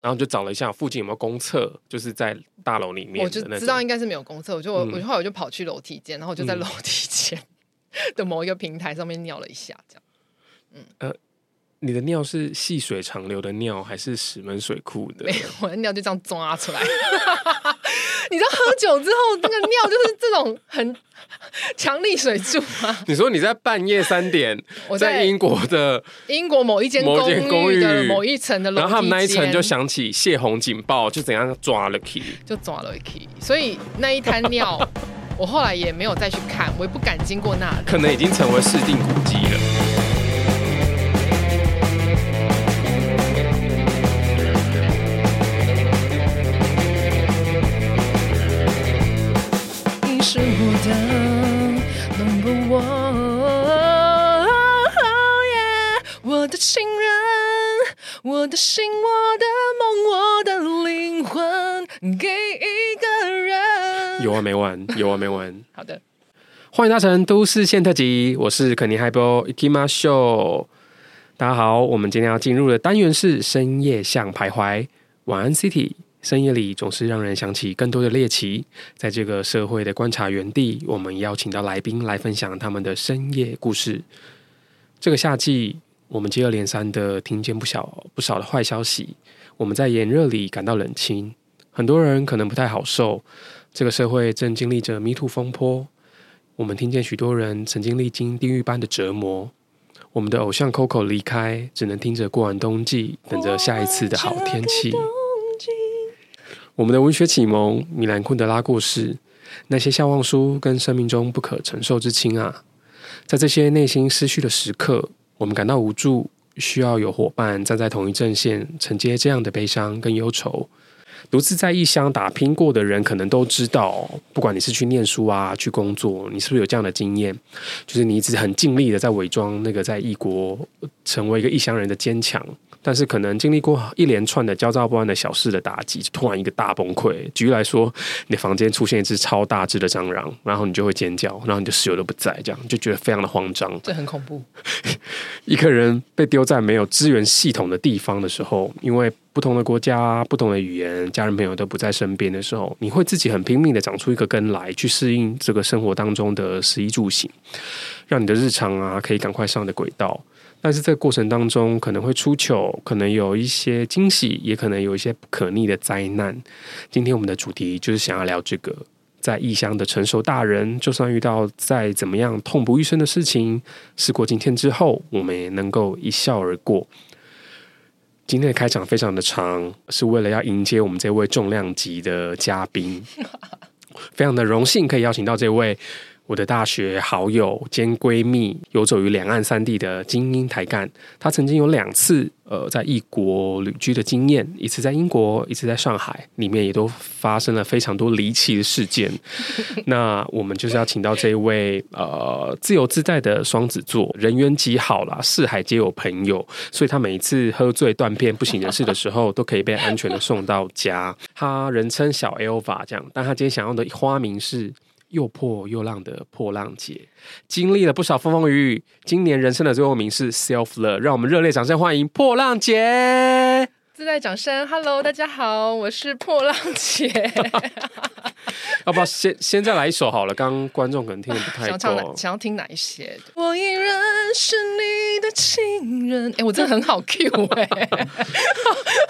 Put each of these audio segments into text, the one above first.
然後就找了一下附近有沒有公廁，就是在大樓裡面。我就知道應該是沒有公廁，我就我、嗯、我就後來我就跑去樓梯間，然後我就在樓梯間的某一個平台上面尿了一下，這樣。嗯。呃，你的尿是細水長流的尿，還是石門水庫的？沒有，我的尿就這樣抓出來。 你知道喝酒之後那個尿就是這種很強力水柱嗎？你說你在半夜三點，在英國的英國某一間公寓的某一層的樓，然後他們那一層就響起泄洪警報，就怎樣抓了 key，就抓了 key。所以那一灘尿，我後來也沒有再去看，我也不敢經過那裡，可能已經成為市定古蹟了。情人，我的心、我的夢、我的靈魂給一個人，有完、啊、沒完？有完、啊、沒完？ 好的，歡迎搭乘都市線特輯，我是肯尼嗨波。Ikimasho 大家好，我們今天要進入的單元是深夜巷徘徊，晚安 City。深夜裡總是讓人想起更多的獵奇，在這個社會的觀察園地，我們邀請到來賓來分享他們的深夜故事。這個夏季。我們接二連三的聽見不小不少的壞消息，我們在炎熱裡感到冷清，很多人可能不太好受。這個社會正經歷着迷途風波，我們聽見許多人曾經歷經地獄般的折磨。我們的偶像 Coco 離開，只能聽着過完冬季，等着下一次的好天氣。我,我們的文學啟蒙米蘭昆德拉過世，那些笑忘書跟生命中不可承受之輕啊，在這些內心失去的時刻。我們感到無助，需要有夥伴站在同一陣線，承接這樣的悲傷跟憂愁。獨自在異鄉打拼過的人，可能都知道，不管你是去念書啊，去工作，你是不是有這樣的經驗？就是你一直很盡力的在偽裝那個在異國，呃，成為一個異鄉人的堅強。但是可能經歷過一連串的焦躁不安的小事的打擊，就突然一個大崩潰。舉例來說，你的房間出現一隻超大隻的蟑螂，然後你就會尖叫，然後你的室友都不在，這樣就覺得非常的慌張，這很恐怖。 一個人被丟在沒有資源系統的地方的時候，因為不同的國家、不同的語言，家人朋友都不在身邊的時候，你會自己很拼命的長出一個根來，去適應這個生活當中的食衣住行，讓你的日常啊可以趕快上的軌道。但是這個過程當中可能會出糗，可能有一些驚喜，也可能有一些不可逆的災難。今天我們的主題就是想要聊這個，在異鄉的成熟大人，就算遇到再怎麼樣痛不欲生的事情，事過境遷之後，我們也能夠一笑而過。今天的開場非常的長，是為了要迎接我們這位重量級的嘉賓，非常的榮幸可以邀請到這位。我的大學好友兼閨蜜，遊走於兩岸三地的精英台幹，她曾經有兩次呃在異國旅居的經驗，一次在英國，一次在上海，裡面也都發生了非常多離奇的事件。 那我們就是要請到這一位呃自由自在的雙子座，人緣極好啦，四海皆有朋友，所以他每一次喝醉斷片不省人事的時候， 都可以被安全的送到家。他人稱小 Alpha 這樣，但他今天想要的花名是。又破又浪的破浪姐，經歷了不少風風雨雨，今年人生的座右銘是 self love，讓我們熱烈掌聲歡迎破浪姐！自在掌聲，Hello，大家好，我是破浪姐。要、 啊、不要先先再來一首好了？剛剛觀眾可能聽的不太多，想要聽哪一些？我依然是你的情人。哎、欸，我真的很好 Q 哎、欸。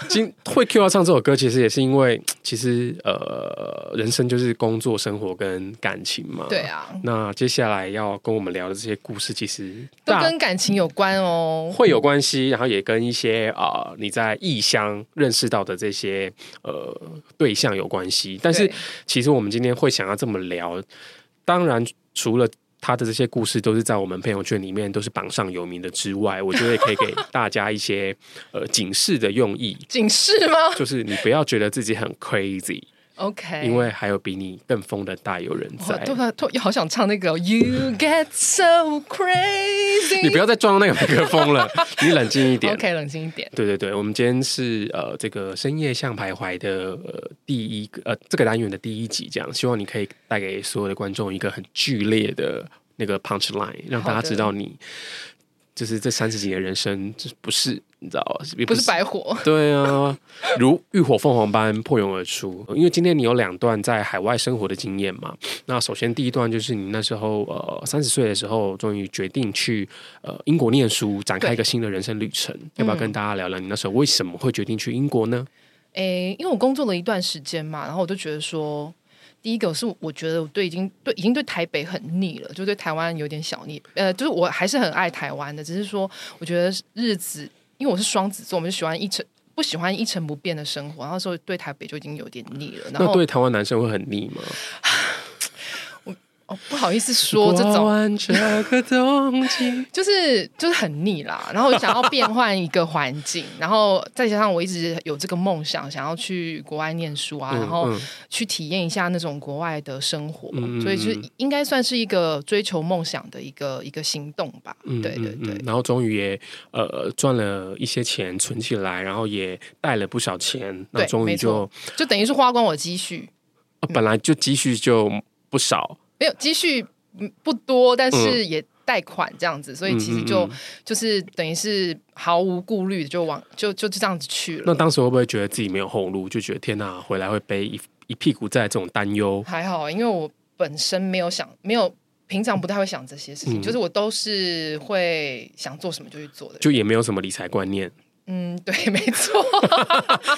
今 會 Q 要唱這首歌，其實也是因為，其實呃，人生就是工作、生活跟感情嘛。對啊。那接下來要跟我們聊的這些故事，其實都跟感情有關哦，會有關係，然後也跟一些啊、呃，你在異鄉。當認識到的這些呃對象有關係，但是其實我們今天會想要這麼聊，對當然除了他的這些故事都是在我們朋友圈裡面都是榜上有名的之外，我覺得可以給大家一些 呃警示的用意。警示嗎？就是你不要覺得自己很 crazy。 OK，因為還有比你更瘋的大有人在。好想唱那個、哦《You Get So Crazy》。 你不要再撞那個麥克風了， 你冷靜一點。OK，冷靜一點。對對對，我們今天是呃這個深夜巷徘徊的、呃、第一個呃這個單元的第一集，這樣希望你可以帶給所有的觀眾一個很劇烈的那個 punch line，讓大家知道你。就是這三十幾年人生，這不是你知道不是，不是白活。對啊，如浴火鳳凰般破蛹而出、呃。因為今天你有兩段在海外生活的經驗嘛？那首先第一段就是你那時候呃三十歲的時候，終於決定去呃英國念書，展開一個新的人生旅程。對要不要跟大家聊聊你那時候為什麼會決定去英國呢？誒、欸，因為我工作了一段時間嘛，然後我就覺得說。第一個是我覺得我對已經對已經對台北很膩了，就對台灣有點小膩。呃，就是我還是很愛台灣的，只是說我覺得日子，因為我是雙子座，我們喜歡一成不喜歡一成不變的生活。然後說對台北就已經有點膩了。那對台灣男生會很膩嗎？ 哦，不好意思說這種，這個東西 就是就是很膩啦。然後想要變換一個環境， 然後再加上我一直有這個夢想，想要去國外唸書啊，嗯嗯、然後去體驗一下那種國外的生活，嗯、所以就是應該算是一個追求夢想的一個一個行動吧。嗯、對對對，然後終於也呃賺了一些錢存起來，然後也帶了不少錢，那終於就就等於是花光我積蓄，嗯、本來就積蓄就不少。沒有，積蓄不多，但是也貸款這樣子，嗯、所以其實就嗯嗯嗯就是等於是毫無顧慮就往就就這樣子去了。那當時會不會覺得自己沒有後路，就覺得天哪，回來會背一一屁股債這種擔憂？還好，因為我本身沒有想，沒有平常不太會想這些事情，嗯、就是我都是會想做什麼就去做的，就也沒有什麼理財觀念。嗯，對，沒錯，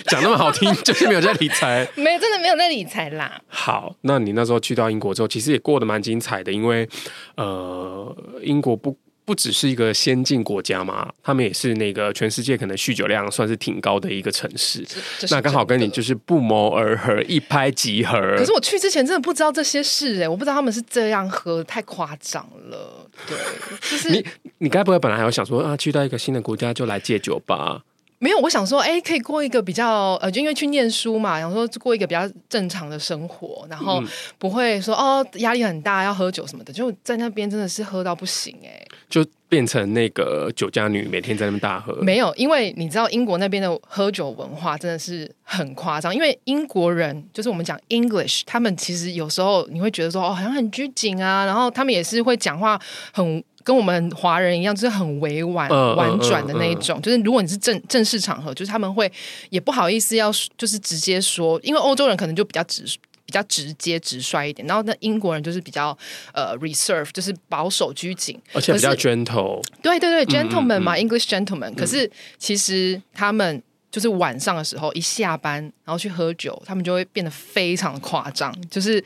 講那麼好聽就是沒有在理財， 沒有真的沒有在理財啦。好，那你那時候去到英國之後，其實也過得蠻精彩的，因為呃，英國不不只是一個先進國家嘛，他們也是那個全世界可能酗酒量算是挺高的一個城市。就是、那剛好跟你就是不謀而合，一拍即合。可是我去之前真的不知道這些事，哎、欸，我不知道他們是這樣喝，太誇張了。對，就是 你，你該不會本來還有想說啊，去到一個新的國家就來戒酒吧？沒有，我想說，哎、欸，可以過一個比較呃，就因為去念書嘛，想說過一個比較正常的生活，然後不會說、嗯、哦壓力很大要喝酒什麼的，就在那邊真的是喝到不行哎、欸，就。變成那個酒家女，每天在那邊大喝。沒有，因為你知道英國那邊的喝酒文化真的是很誇張。因為英國人就是我們講 English，他們其實有時候你會覺得說哦，好像很拘謹啊。然後他們也是會講話很，很跟我們華人一樣，就是很委婉、嗯、婉轉的那一種。嗯嗯嗯、就是如果你是正正式場合，就是他們會也不好意思要就是直接說，因為歐洲人可能就比較直。比較直接直率一點，然後那英國人就是比較呃 reserve，就是保守拘謹，而且比較 gentle 是。 對對對，gentleman 嘛，嗯嗯嗯，English gentleman。可是其實他們就是晚上的時候一下班，然後去喝酒，他們就會變得非常誇張，就是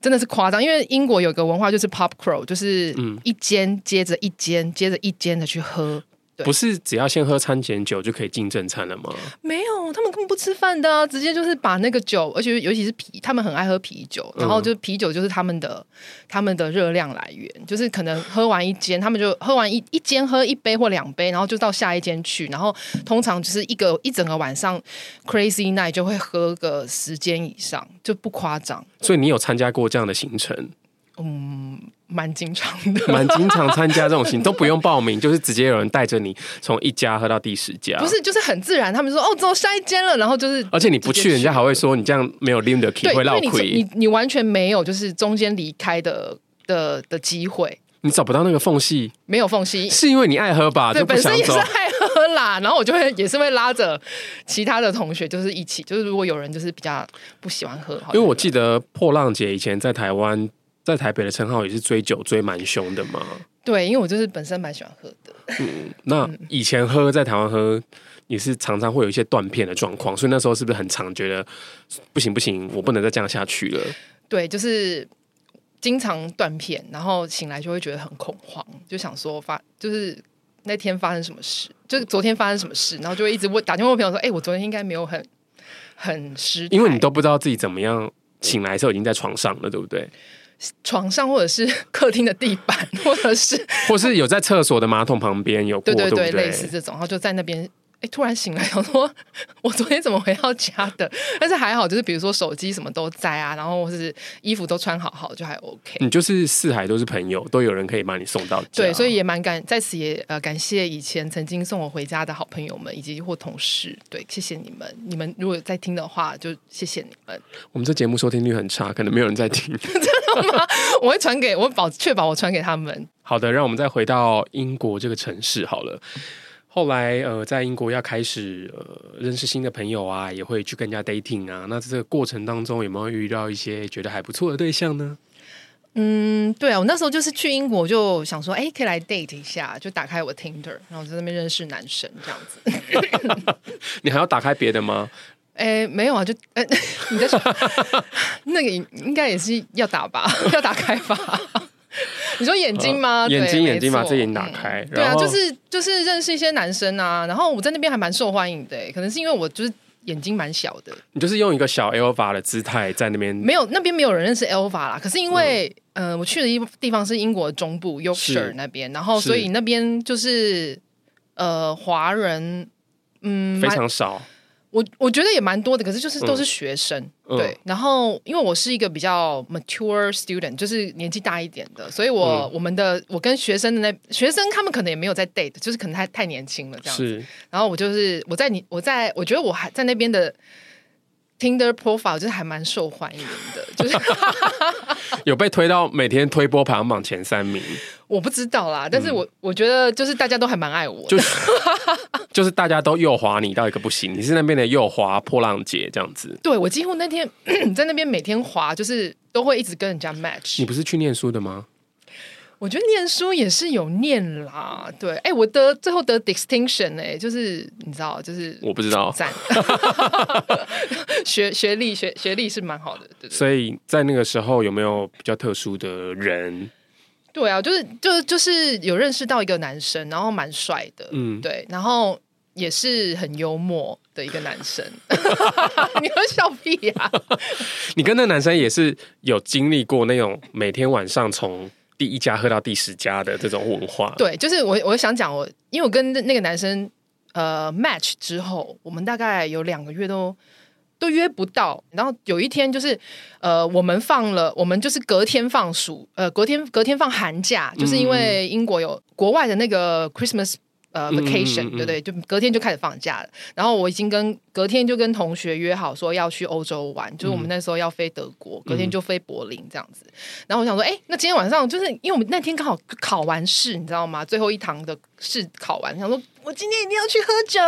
真的是誇張。因為英國有個文化就是 pub crawl，就是一間接着一間接着一間的去喝。不是只要先喝餐前酒就可以進正餐了嗎？沒有，他們根本不吃飯的啊，直接就是把那個酒，而且尤其是啤，他們很愛喝啤酒，嗯，然後就是啤酒就是他們的他們的熱量來源，就是可能喝完一間，他們就喝完一一間喝一杯或兩杯，然後就到下一間去，然後通常就是一個一整個晚上 crazy night 就會喝個十間以上，就不誇張。所以你有參加過這樣的行程？嗯。蠻經常的，蠻經常參加這種型 都不用報名，就是直接有人帶着你從一家喝到第十家。不是，就是很自然。他們就說哦，走下一間了，然後就是，而且你不去，人家還會說你這樣沒有 limit，對會鬧你你，你完全沒有就是中間離開的的的機會，你找不到那個縫隙，沒有縫隙。是因為你愛喝吧？就不對，本身也是愛喝啦。然後我就會也是會拉着其他的同學，就是一起。就是如果有人就是比較不喜歡喝，因為我記得破浪姐以前在台灣，在台北的稱號也是追酒追蠻兇的嘛？對，因為我就是本身蠻喜歡喝的。嗯，那以前喝在台灣喝，也是常常會有一些斷片的狀況，所以那時候是不是很常覺得不行不行，我不能再這樣下去了？對，就是經常斷片，然後醒來就會覺得很恐慌，就想說發就是那天發生什麼事，就是昨天發生什麼事，然後就會一直問打電話問朋友說，哎、欸，我昨天應該沒有很很失，因為你都不知道自己怎麼樣醒來的時候已經在床上了，對不對？床上，或者是客廳的地板，或者是， 或是有在廁所的馬桶旁邊有過度，對對對，對對，類似這種，然後就在那邊。欸、突然醒來，我說我昨天怎麼回到家的？但是還好，就是比如說手機什麼都在啊，然後或是衣服都穿好好，就還 OK。你就是四海都是朋友，都有人可以把你送到家。對，所以也蠻感，在此也呃感謝以前曾經送我回家的好朋友們以及或同事。對，謝謝你們，你們如果在聽的話，就謝謝你們。我們這節目收聽率很差，可能沒有人在聽， 真的嗎？我會傳給我保確保我傳給他們。好的，讓我們再回到英國這個城市好了。後來，呃，在英國要開始、呃、認識新的朋友啊，也會去跟人家 dating 啊。那這個過程當中有沒有遇到一些覺得還不錯的對象呢？嗯，對啊，我那時候就是去英國就想說，哎，可以來 date 一下，就打開我 Tinder，然後在那邊認識男生這樣子。 你還要打開別的嗎？哎，沒有啊，就哎，你在說 那個應該也是要打吧，要打開吧。 你說眼睛嗎？哦、眼睛，對眼睛把自己拿開、嗯。對啊，後就是就是認識一些男生啊，然後我在那邊還蠻受歡迎的、欸，可能是因為我就是眼睛蠻小的。你就是用一個小 alpha 的姿態在那邊，沒有、嗯、那邊沒有人認識 alpha 啦。可是因為、嗯呃、我去的一地方是英國的中部 Yorkshire 是那邊，然後所以那邊就是呃華人，嗯，非常少。我我覺得也蠻多的，可是就是都是學生，嗯、對。嗯、然後因為我是一個比較 mature student，就是年紀大一點的，所以我、嗯、我們的我跟學生的那學生他們可能也沒有在 date，就是可能他太，太年輕了這樣子。是然後我就是我在你我在我覺得我還在那邊的。Tinder profile 就是還蠻受歡迎的，就是 有被推到每天推播排行榜前三名。我不知道啦，但是我、嗯、我覺得就是大家都還蠻愛我， 就是就是大家都右滑你到一個不行，你是那邊的右滑破浪姐這樣子。對我幾乎那天咳咳在那邊每天滑，就是都會一直跟人家 match。你不是去念書的嗎？我覺得念書也是有念啦，對，哎、欸，我的最後得 distinction 哎、欸，就是你知道，就是我不知道，讚 學學歷學學歷是蠻好的，對對對，所以在那個時候有沒有比較特殊的人？對啊，就是就就是有認識到一個男生，然後蠻帥的，嗯，對，然後也是很幽默的一個男生。 你和笑屁呀、啊， 你跟那個男生也是有經歷過那種每天晚上從。第一家喝到第十家的這種文化，對，就是我，我想講我，因為我跟那個男生呃 match 之後，我們大概有兩個月都都約不到，然後有一天就是呃，我們放了，我們就是隔天放暑，呃，隔天隔天放寒假，就是因為英國有國外的那個 Christmas。呃，vacation 對對，就隔天就開始放假了。然後我已經跟隔天就跟同學約好說要去歐洲玩，就是我們那時候要飛德國，mm. 隔天就飛柏林這樣子。然後我想說，哎、欸，那今天晚上就是因為我們那天剛好考完試，你知道嗎？最後一堂的試考完，想說我今天一定要去喝酒。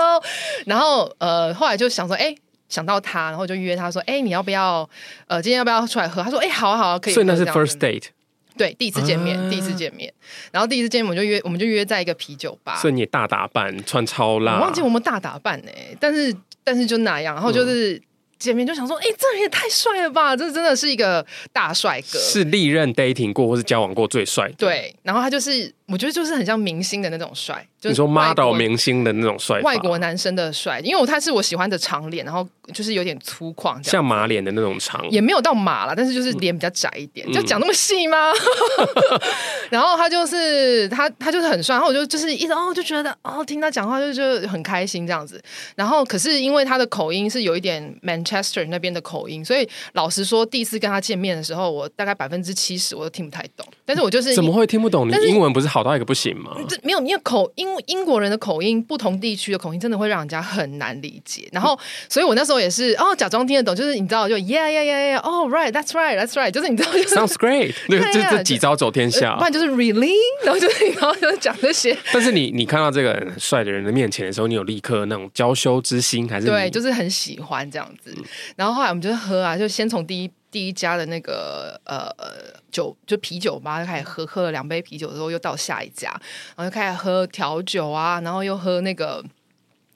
然後呃，後來就想說，哎、欸，想到他，然後就約他說，哎、欸，你要不要？呃，今天要不要出來喝？他說，哎、欸，好啊，好啊，可以喝。所以那是 first date。對，第一次見面，啊、第一次見面，然後第一次見面我們就約，我們就約在一個啤酒吧。所以你大打扮，穿超辣。我忘記我們大打扮，哎、欸，但是但是就那樣，然後就是、嗯、見面就想說，哎、欸，這人也太帥了吧，這真的是一個大帥哥。是歷任 dating 過或是交往過最帥。對，然後他就是。我覺得就是很像明星的那種帥，就是、你說 model 明星的那種帥，外國男生的帥，因為我他是我喜歡的長臉，然後就是有點粗獷，像馬臉的那種長，也沒有到馬了，但是就是臉比較窄一點，嗯、就講那麼細嗎？ 然後他就是他他就是很帥，然後我就就是一直哦就覺得哦，聽他講話就就很開心這樣子。然後可是因為他的口音是有一點 Manchester 那邊的口音，所以老實說，第一次跟他見面的時候，我大概百分之七十我都聽不太懂。但是我就是怎麼會聽不懂？你英文不是？跑到一個不行嗎？沒有，你有口英英國人的口音，不同地區的口音真的會讓人家很難理解。然後，所以我那時候也是哦，假裝聽得懂，就是你知道，就 yeah yeah yeah yeah，oh right, that's right, that's right, that's right，就是你知道，就是、sounds great， yeah, yeah, 就，就這幾招走天下、呃。不然就是 really，然後就是然後就講這些。但是你你看到這個帥的人的面前的時候，你有立刻那種嬌羞之心，還是對，就是很喜歡這樣子。然後後來我們就是喝啊，就先從第一。第一家的那個呃呃酒就啤酒吧，就開始喝喝了兩杯啤酒之後，又到下一家，然後就開始喝調酒啊，然後又喝那個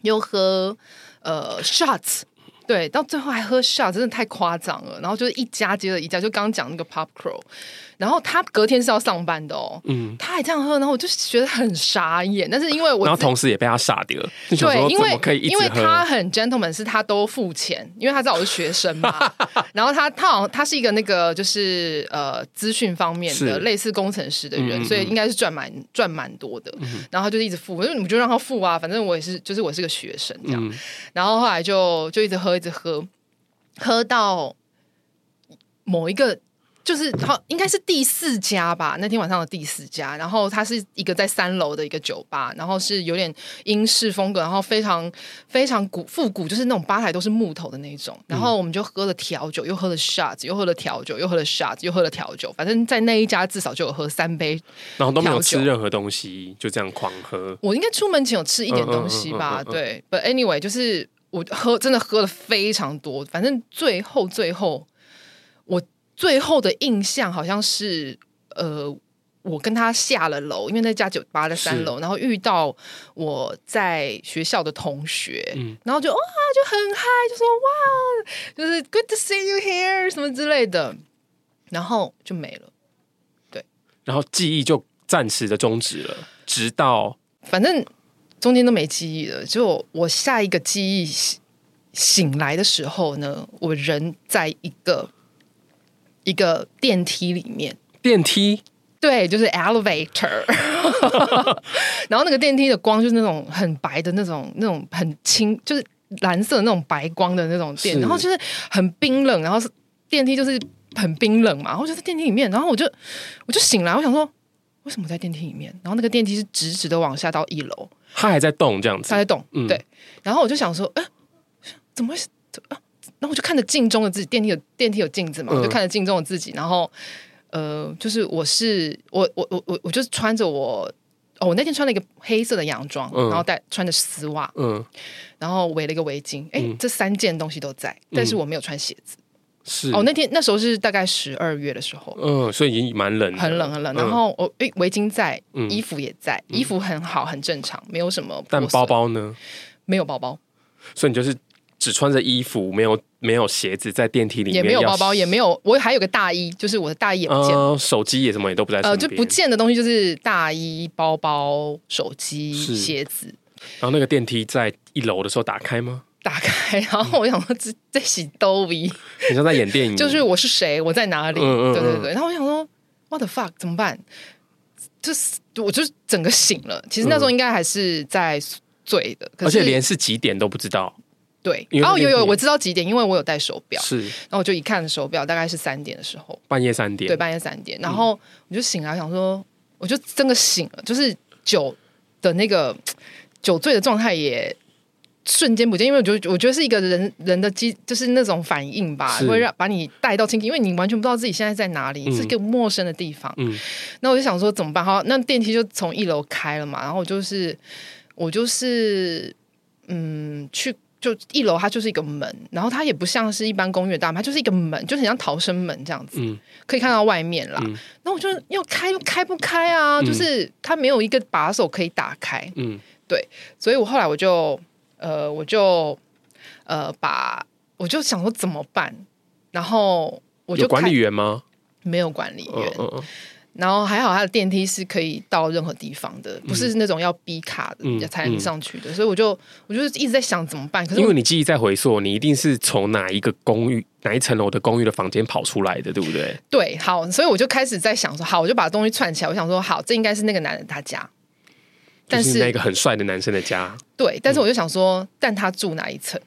又喝呃 shots，對，到最後還喝 shot，真的太誇張了。然後就是一家接着一家，就剛講那個 pub crawl。然後他隔天是要上班的哦，他還這樣喝，然後我就覺得很傻眼。但是因為我，然後同時也被他傻掉了。對，因為可以，因為他很 gentleman，是他都付錢，因為他知道我是學生嘛。然後他他好像他是一個那個就是呃資訊方面的，類似工程師的人，所以應該是賺蠻賺蠻多的。然後他就一直付，因為你就讓他付啊，反正我也是，就是我是個學生這樣。然後後來就就一直喝，一直喝，喝到某一個。就是他，應該是第四家吧。那天晚上的第四家，然後他是一個在三樓的一個酒吧，然後是有點英式風格，然後非常非常古復古，就是那種吧台都是木頭的那種。然後我們就喝了調酒，又喝了 shots，又喝了調酒，又喝了 shots，又喝了調酒。反正，在那一家至少就有喝三杯，然後都沒有吃任何東西，就這樣狂喝。我應該出門前有吃一點東西吧？對，but anyway，就是我喝真的喝了非常多。反正最後最後。最後的印象好像是，呃，我跟他下了樓，因為那家酒吧在三樓，是然後遇到我在學校的同學，嗯，然後就哇就很嗨，就說哇，就是 Good to see you here 什麼之類的，然後就沒了，對，然後記憶就暫時的終止了，直到反正中間都沒記憶了，就我下一個記憶醒來的時候呢，我人在一個。一個電梯裡面，電梯對，就是 elevator。 然後那個電梯的光就是那種很白的那種、那種很清，就是藍色的那種白光的那種電，是然後就是很冰冷，然後是電梯就是很冰冷嘛，然後就是電梯裡面，然後我就我就醒來，我想說為什麼在電梯裡面？然後那個電梯是直直的往下到一樓，它還在動這樣子，他在動，嗯、對。然後我就想說，哎、欸，怎麼會怎麼那我就看着鏡中的自己，電梯有電梯有鏡子嘛，我就看着鏡中的自己。然後，呃，就是我是我我我我我就是穿着我哦，我那天穿了一個黑色的洋裝，然後帶穿着絲襪，嗯，然後圍了一個圍巾。哎，這三件東西都在，但是我沒有穿鞋子。是哦，那天那時候是大概十二月的時候，嗯，所以已經蠻冷，很冷很冷。然後我哎，圍巾在，衣服也在，衣服很好，很正常，沒有什麼。但包包呢？沒有包包。所以你就是。只穿着衣服，沒有沒有鞋子，在電梯裡面也沒有包包，洗也沒有我還有個大衣，就是我的大衣也不見、呃、手機也什麼也都不在，呃，就不見的東西就是大衣、包包、手機、是鞋子。然後、啊、那個電梯在一樓的時候打開嗎？打開。然後我想說，嗯、這是哪裡，你像在演電影， 就是我是誰，我在哪裡？嗯嗯嗯對對對。然後我想說，What the fuck？怎麼辦？就是我就整個醒了。其實那時候應該還是在醉的，嗯、是而且連是幾點都不知道。對，然後、哦、有有，我知道幾點，因為我有戴手錶，是，然後我就一看手錶，大概是三點的時候，半夜三點，對，半夜三點，然後我就醒來，嗯、想說，我就真的醒了，就是酒的那個酒醉的狀態也瞬間不見，因為我覺得，我覺得是一個人人的機，就是那種反應吧，是會讓把你帶到清，清醒，因為你完全不知道自己現在在哪裡，嗯、是一個陌生的地方，嗯、那我就想說怎麼辦？好，那電梯就從一樓開了嘛，然後我就是，我就是，嗯，去。就一樓它就是一個門，然後它也不像是一般公寓的大門，它就是一個門，就很像逃生門這樣子，嗯、可以看到外面啦。那、嗯、我就要開，又開不開啊，嗯、就是它沒有一個把手可以打開。嗯，對，所以我後來我就呃，我就呃，把我就想說怎麼辦，然後我就開，有管理員嗎？沒有管理員。哦哦哦然後還好，他的電梯是可以到任何地方的，不是那種要逼卡的、嗯、才能上去的，所以我就我就一直在想怎麼辦。可是因為你記憶在回溯，你一定是從哪一個公寓哪一層樓的公寓的房間跑出來的，對不對？對，好，所以我就開始在想說，好，我就把東西串起來。我想說，好，這應該是那個男的他家，但是，是那個很帥的男生的家。對，但是我就想說，嗯，但他住哪一層？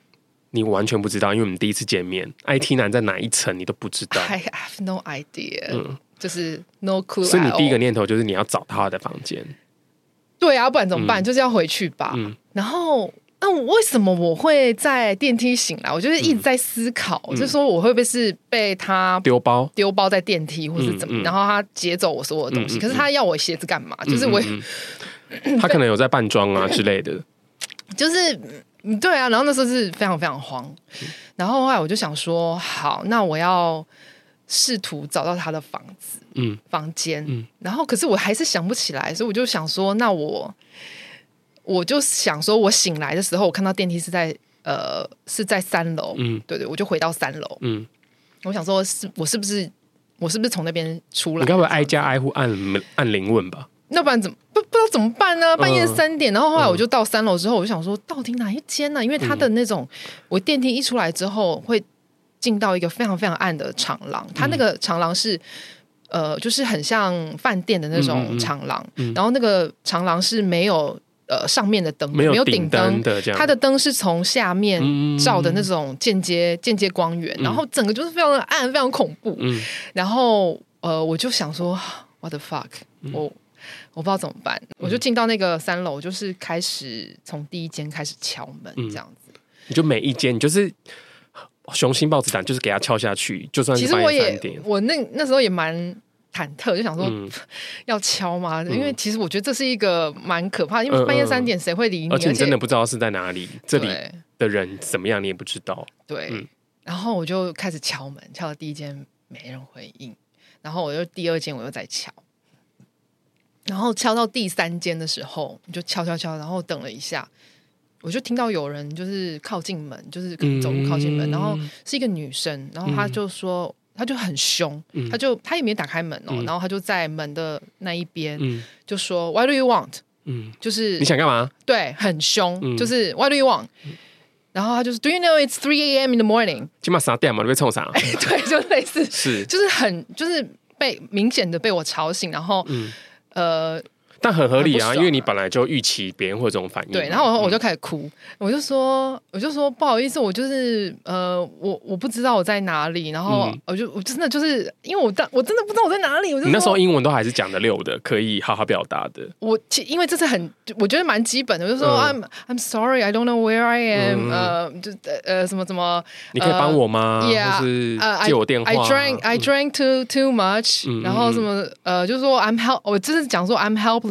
你完全不知道，因為我們第一次見面，IT 男在哪一層你都不知道。I have no idea。嗯。就是 no clue，所以你第一個念頭就是你要找他的房間。對啊，不然怎麼辦？就是要回去吧。然後，那為什麼我會在電梯醒來？我就是一直在思考，就是說我會不會是被他丟包丟包在電梯，或是怎麼？然後他劫走我所有的東西，可是他要我鞋子幹嘛？就是我，他可能有在扮裝啊之類的。就是對啊，然後那時候是非常非常慌。然後後來我就想說，好，那我要。試圖找到他的房子，嗯、房間，嗯、然後可是我還是想不起來，所以我就想說，那我我就想說，我醒來的時候，我看到電梯是在呃，是在三樓。嗯，對對，我就回到三樓。嗯，我想說，是我是不是我是不是從那邊出來？你該不會挨家挨戶按按鈴問吧？那不然怎麼不不知道怎麼辦呢、啊？半夜三點，嗯、然後後來我就到三樓之後，我就想說，到底哪一間呢、啊？因為他的那種，嗯、我電梯一出來之後會。進到一個非常非常暗的長廊，它那個長廊是呃，就是很像飯店的那種長廊，然後那個長廊是沒有呃上面的燈，沒有頂燈的，它的燈是從下面照的那種間接間接光源，然後整個就是非常暗，非常恐怖。然後呃，我就想說，What the fuck，我我不知道怎麼辦，我就進到那個三樓，就是開始從第一間開始敲門這樣子，你就每一間，你就是。雄心豹子膽，就是給他敲下去，就算是半夜三點。其實我也，我那那時候也蠻忐忑，就想說、嗯、 要敲嗎？嗯、因為其實我覺得這是一個蠻可怕的，因為半夜三點誰會理你、嗯？而且你真的不知道是在哪裡，且這裡的人怎麼樣，你也不知道。對，嗯、然後我就開始敲門，敲了第一間沒人回應，然後我又第二間我又在敲，然後敲到第三間的時候，就敲敲敲，然後等了一下。我就聽到有人就是靠近門，就是可能走路靠近門，然後是一個女生，然後她就說，她就很凶，她就她也沒打開門哦，然後她就在門的那一邊，就說 Why do you want？嗯，就是你想幹嘛？對，很凶，就是 Why do you want？然後她就說 Do you know it's three a.m. in the morning？今晚三點嘛？你被衝上對，就類似是，就是很就是被明顯的被我吵醒，然後呃。但很合理啊，因為你本來就預期別人會這種反應。對，然後我我就開始哭，我就說，我就說不好意思，我就是呃，我我不知道我在哪裡。然後我就我真的就是因為我當我真的不知道我在哪裡，我就那時候英文都還是講的溜的，可以好好表達的。我其因為這是很我覺得蠻基本的，我就說 I'm, I'm sorry, I don't know where I am。呃，就呃什麼什麼，你可以幫我嗎？就是呃借我電話。I drank I drank too too much。然後什麼呃，就是說 I'm help，我這是講說 I'm help。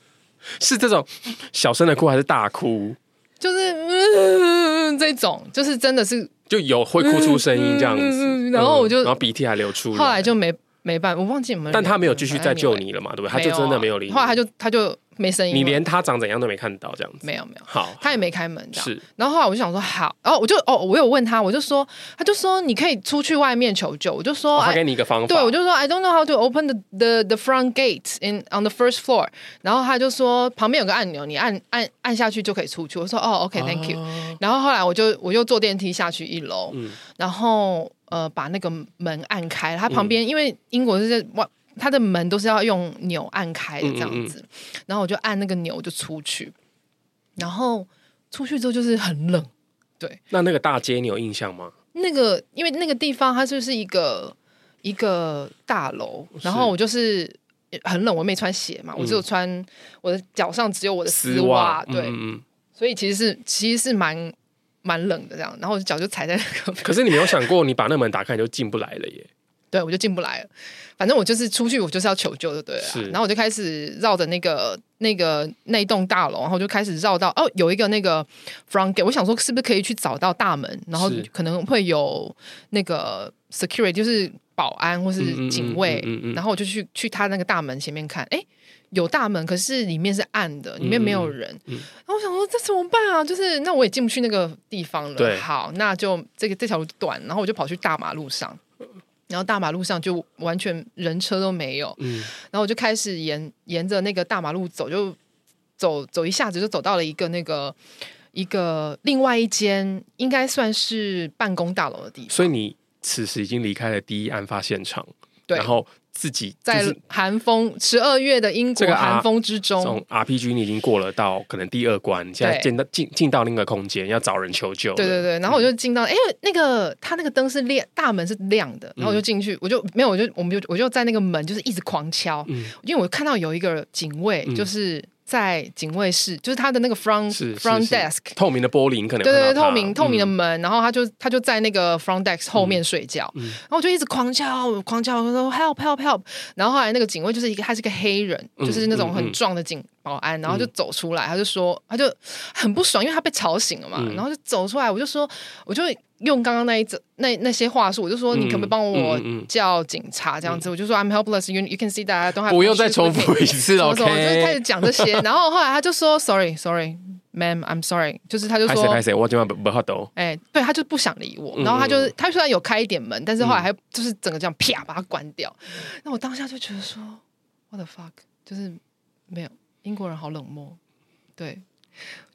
是這種小聲的哭還是大哭？就是嗯，嗯這種，就是真的是就有會哭出聲音這樣子，嗯，然後我就，嗯，然後鼻涕還流出來，後來就沒。沒辦，我忘記你們了。但他沒有繼續再救你了嘛，啊、對不對？他就真的沒有理。然後他就他就沒聲音了。你連他長怎樣都沒看到，這樣子。沒有沒有。沒有好，他也沒開門。這樣是然後後來我就想說，好，然後我就哦，我有問他，我就說，他就說你可以出去外面求救。我就說，我、哦、給你一個方法。對，我就說 I don't know how to open the the the front gate in on the first floor。然後他就說旁邊有個按鈕，你按按按下去就可以出去。我說哦，OK，thank、okay, you 哦。然後後來我就我又坐電梯下去一樓，嗯、然後。呃，把那個門按開，它旁邊、嗯、因為英國是往它的門都是要用鈕按開的這樣子，嗯嗯嗯，然後我就按那個鈕就出去，然後出去之後就是很冷，對。那那個大街你有印象嗎？那個因為那個地方它就是，是一個一個大樓，是然後我就是很冷，我沒穿鞋嘛，嗯、我只有穿我的腳上只有我的絲襪，瓦對，嗯嗯，所以其實是其實是蠻。蠻冷的這樣，然後我腳就踩在那個。可是你沒有想過，你把那門打開你就進不來了耶？ 對，我就進不來了。反正我就是出去，我就是要求救的，對啊。是然後我就開始繞着那個、那個、那棟大樓，然後我就開始繞到哦，有一個那個 front gate，我想說是不是可以去找到大門，然後可能會有那個 security，就是保安或是警衛。然後我就去去他那個大門前面看，哎、欸。有大門，可是裡面是暗的，裡面沒有人。嗯嗯、然後我想說，這怎麼辦啊？就是那我也進不去那個地方了。對好，那就這個這條路短，然後我就跑去大馬路上，然後大馬路上就完全人車都沒有。嗯、然後我就開始沿沿着那個大馬路走，就走走，一下子就走到了一個那個一個另外一間應該算是辦公大樓的地方。所以你此時已經離開了第一案發現場，對，然後。自己、就是、在寒風十二月的英國寒風之中，RPG 你已經過了到可能第二關，現在進到對進進到另一個空間，要找人求救。對對對，然後我就進到，哎、嗯，那個他那個燈是亮，大門是亮的，然後我就進去，我就沒有，我就我們就我就在那個門就是一直狂敲，嗯、因為我看到有一個警衛就是。嗯在警衛室，就是他的那個 front 是是是 front desk，透明的玻璃，可能對對，透明、嗯、透明的門，然後他就他就在那個 front desk 後面睡覺，嗯、然後我就一直狂叫，狂叫，我說 help help help，然後後來那個警衛就是一個，他是一個黑人，就是那種很壯的警、嗯、保安，然後就走出來，他就說，他就很不爽，因為他被吵醒了嘛，然後就走出來，我就說，我就。用剛剛那一次那那些話術，我就說，你可不可以幫我叫警察這樣子？嗯嗯嗯、我就說 I'm helpless，you you can see 大家都還不用再重複一次了。OK，就開始講這些，然後後來他就說 Sorry，Sorry，Ma'am，I'm sorry, sorry。Sorry，就是他就說，哎、欸，對他就不想理我。然後他就、嗯、他雖然有開一點門，但是後來還就是整個這樣啪，啪把它關掉。嗯、那我當下就覺得說 What the fuck？就是沒有英國人好冷漠，對，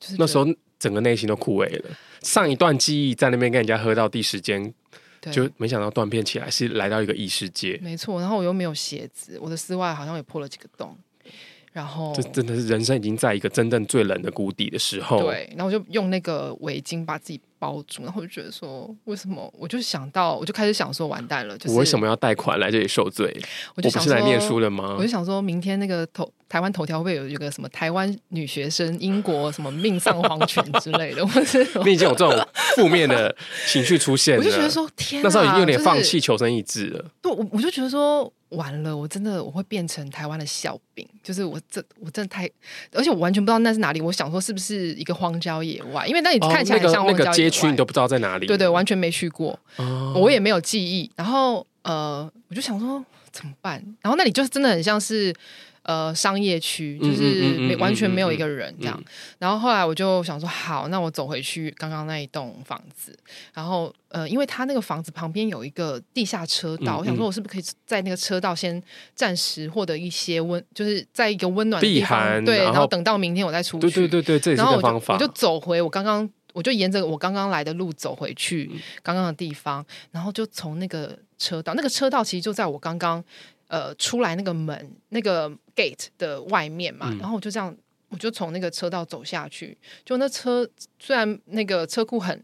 就是那時候整個內心都枯萎了。上一段記憶在那邊跟人家喝到第一時間，對就沒想到斷片起來是來到一個異世界。沒錯，然後我又沒有鞋子，我的絲襪好像也破了幾個洞。然後這真的是人生已經在一個真正最冷的谷底的時候。對，然後我就用那個圍巾把自己。包住，然後我就覺得說，為什麼？我就想到，我就開始想說，完蛋了！就是、我為什麼要貸款來這裡受罪？我就想說，我不是來念書的嗎？我就想說，明天那個頭，台灣頭條會有一個什麼台灣女學生，英國什麼命喪黃泉之類的， 或是什麼？你已經有這種負面的情緒出現， 我就覺得說，天、啊，那時候已經有點放棄求生意志了。就是、對，我我就覺得說，完了，我真的我會變成台灣的笑柄，就是我這我真的太，而且我完全不知道那是哪裡。我想說，是不是一個荒郊野外？因為那裡看起來很像荒郊野。哦那個那個區你都不知道在哪裡，對對，完全沒去過，哦、我也沒有記憶。然後呃，我就想說怎麼辦？然後那裡就是真的很像是呃商業區，就是、嗯嗯、完全沒有一個人這樣。嗯嗯嗯、然後後來我就想說，好，那我走回去剛剛那一棟房子。然後呃，因為他那個房子旁邊有一個地下車道，嗯、我想說我是不是可以在那個車道先暫時獲得一些溫，就是在一個溫暖地避寒，對。然後，然後等到明天我再出去。對對對對，這也是個方法我。我就走回我剛剛。我就沿着我剛剛來的路走回去剛剛的地方，嗯。然後就從那個車道，那個車道其實就在我剛剛呃出來那個門那個 gate 的外面嘛，嗯。然後我就這樣，我就從那個車道走下去，就那車，雖然那個車庫很。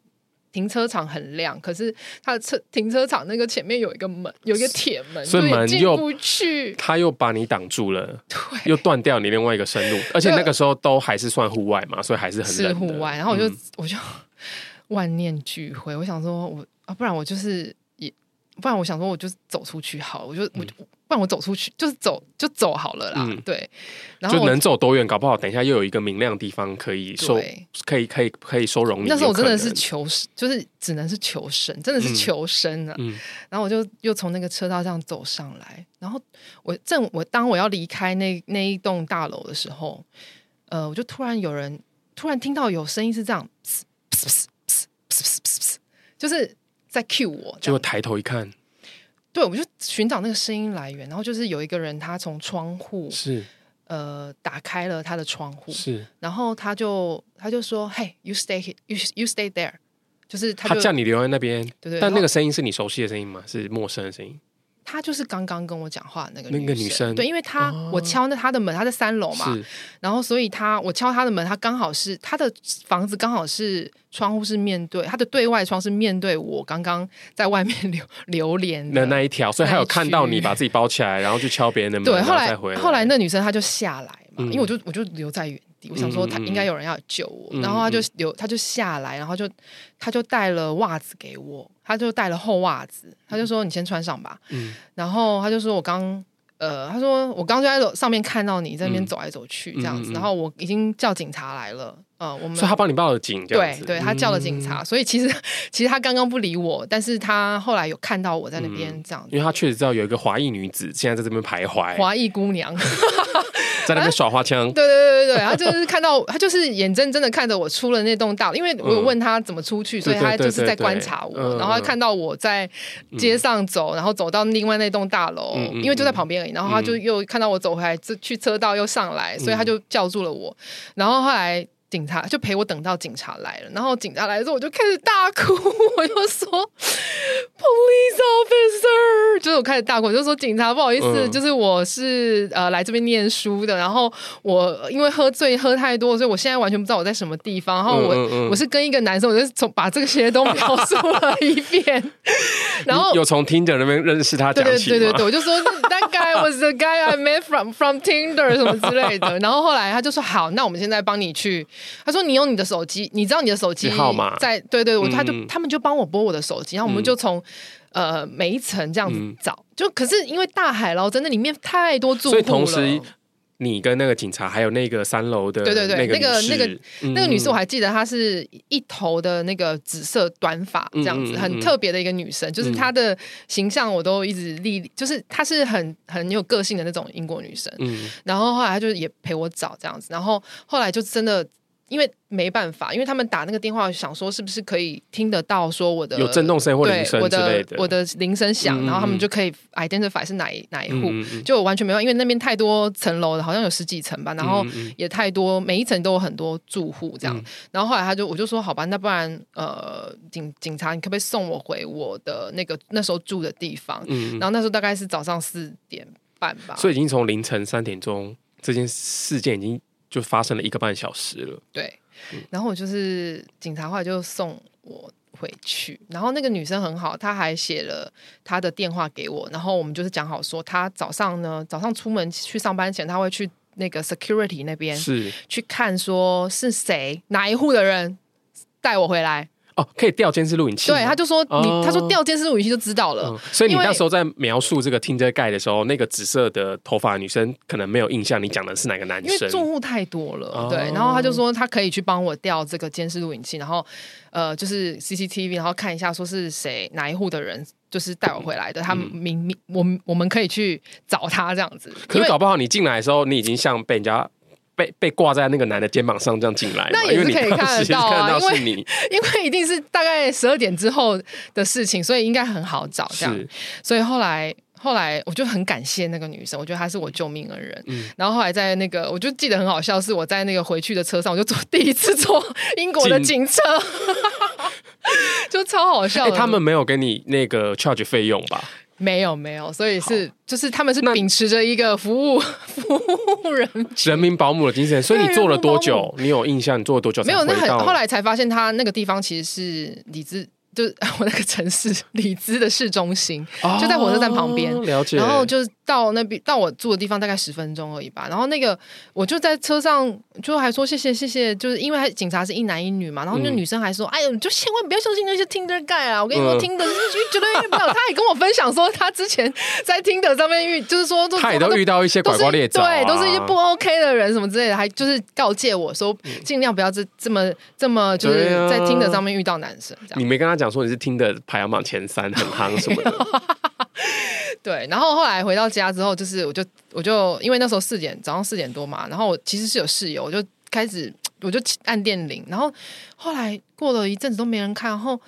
停車場很亮，可是他的車停車場那個前面有一個門，有一個鐵門，所以進不去，他又把你擋住了，對，又斷掉你另外一個生路，而且那個時候都還是算戶外嘛，所以還是很冷。是戶外，然後我就、嗯、我就，我就萬念俱灰，我想說，我啊，不然我就是也，不然我想說，我就走出去好了，我就我就。嗯讓我走出去，就是走就走好了啦。嗯、對，然後就能走多遠？搞不好等一下又有一個明亮的地方可以收，對可以可以可以收容你。但是我真的是求，就是只能是求生，真的是求生啊！嗯嗯、然後我就又從那個車道上走上來，然後我正我當我要離開那那一棟大樓的時候，呃，我就突然有人突然聽到有聲音是這樣，就是在 cue 我，結果抬頭一看。對，我們就尋找那個聲音來源，然後就是有一個人，他從窗戶是呃打開了他的窗戶，是，然後他就他就說：“Hey, you stay here, you you stay there。”就是他，就他叫你留在那邊，對對，但那個聲音是你熟悉的聲音嗎？是陌生的聲音？她就是剛剛跟我講話的那個那個女生，女生對，因為她、哦、我敲那她的門，她在三樓嘛，是然後所以她我敲她的門，她剛好是她的房子剛好是窗戶是面對她的對外窗，是面對我剛剛在外面流流連的那、那一條，所以她有看到你把自己包起來，然後去敲別人的門，對，後來後來、後來那女生她就下來嘛，因為我就我就留在原地。嗯我想說，他應該有人要救我，嗯嗯、然後他就有，他就下來，然後就，他就帶了襪子給我，他就帶了厚襪子，他就說你先穿上吧。嗯、然後他就說我剛，呃，他說我剛就在上面看到你在那邊走來走去、嗯、這樣子，然後我已經叫警察來了。嗯，我們所以他幫你報了警，對對，他叫了警察，所以其實其實他剛剛不理我，但是他後來有看到我在那邊、嗯、這樣子，因為他確實知道有一個華裔女子現在在這邊徘徊，華裔姑娘。 在那邊耍花槍，對、啊、對對對對，他就是看到， 他就是眼睜睜的看着我出了那棟大樓，因為我有問他怎麼出去，所以他就是在觀察我，嗯、然後他看到我在街上走，嗯、然後走到另外那棟大樓，嗯、因為就在旁邊而已，然後他就又看到我走回來，就、嗯、去車道又上來，所以他就叫住了我，然後後來。警察就陪我等到警察來了，然後警察來的時候我就開始大哭，我就說 ，Police officer，就是我開始大哭，我就說警察不好意思，嗯、就是我是呃來這邊念書的，然後我因為喝醉喝太多，所以我現在完全不知道我在什麼地方，然後我嗯嗯我是跟一個男生，我就是從把這些都描述了一遍， 然後有從聽着那邊認識他講起，對對對對對，我就說尷尬。 was the guy I met from from Tinder 什麼之類的， 然後後來他就說好，那我們現在幫你去。他說你用你的手機，你知道你的手機號碼在對對，我就他就、嗯、他們就幫我撥我的手機，然後我們就從、嗯、呃每一層這樣子找，就可是因為大海撈針那裡面太多住戶了。你跟那個警察，還有那個三樓的那個，對對對，那個那個那個女士，我還記得她是一頭的那個紫色短髮，這樣子，嗯嗯嗯嗯，很特別的一個女生，就是她的形象我都一直歷，嗯、就是她是很很有個性的那種英國女生。嗯、然後後來她就也陪我找這樣子，然後後來就真的。因為沒辦法，因為他們打那個電話，想說是不是可以聽得到，說我的有震動聲或鈴聲之類的，對，我的，我的鈴聲響，嗯嗯，然後他們就可以 identify 是哪哪一戶，嗯嗯嗯，就完全沒辦法，因為那邊太多層樓了，好像有十幾層吧，然後也太多，嗯嗯，每一層都有很多住戶這樣。嗯、然後後來他就，我就說好吧，那不然呃，警警察，你可不可以送我回我的那個那時候住的地方？嗯嗯，然後那時候大概是早上四點半吧，所以已經從凌晨三點鐘，這件事件已經。就發生了一個半小時了。對，嗯、然後我就是警察後來就送我回去，然後那個女生很好，她還寫了她的電話給我，然後我們就是講好說，她早上呢，早上出門去上班前，她會去那個 security 那邊是去看說是誰哪一戶的人帶我回來。哦，可以調監視錄影器。對，他就說你，哦、他說調監視錄影器就知道了。嗯、所以你那時候在描述這個 Tinder guy 的時候，為那個紫色的頭髮女生可能沒有印象，你講的是哪個男生？因為住戶太多了，哦、對。然後他就說，他可以去幫我調這個監視錄影器，然後呃，就是 C C T V，然後看一下說是誰哪一戶的人就是帶我回來的。嗯、他們明明我我們可以去找他這樣子。為可是搞不好你進來的時候，你已經像被人家。被被掛在那個男的肩膀上這樣進來，那也是可以看得到啊，因為你，因為一定是大概十二點之後的事情，所以應該很好找。這樣，是所以後來後來，我就很感謝那個女生，我覺得她是我救命恩人。嗯，然後後來在那個，我就記得很好笑，是我在那個回去的車上，我就坐第一次坐英國的警車，進 就超好笑。欸，他們沒有給你那個 charge 費用吧？沒有沒有，所以是好就是他們是秉持着一個服務那 服務人人民保母的精神，所以你做了多久？ 你有印象你做了多久了？沒有，那很後來才發現，他那個地方其實是李子，就我那個城市里茲的市中心，就在火車站旁邊。哦、了解、然後就是到那邊到我住的地方大概十分鐘而已吧。然後那個我就在車上就還說謝謝謝謝，就是因為警察是一男一女嘛。然後那女生還說：“嗯、哎呦，你就千萬不要相信那些 Tinder guy 啊！”我跟你說，嗯、Tinder 是，是絕對遇不到。他還跟我分享說，他之前在 Tinder 上面遇， 就是說，就說他，他也都遇到一些拐過獵、啊，對，都是一些不 OK 的人什麼之類的，還就是告誡我說，盡量不要這、嗯、這麼這麼就是在 Tinder 上面遇到男生。這樣你沒跟他。想說你是聽的排行榜前三很夯什麼的， 對。然後後來回到家之後，就是我就我就因為那時候四點，早上四點多嘛，然後我其實是有室友，我就開始我就按電鈴，然後後來過了一陣子都沒人看，然後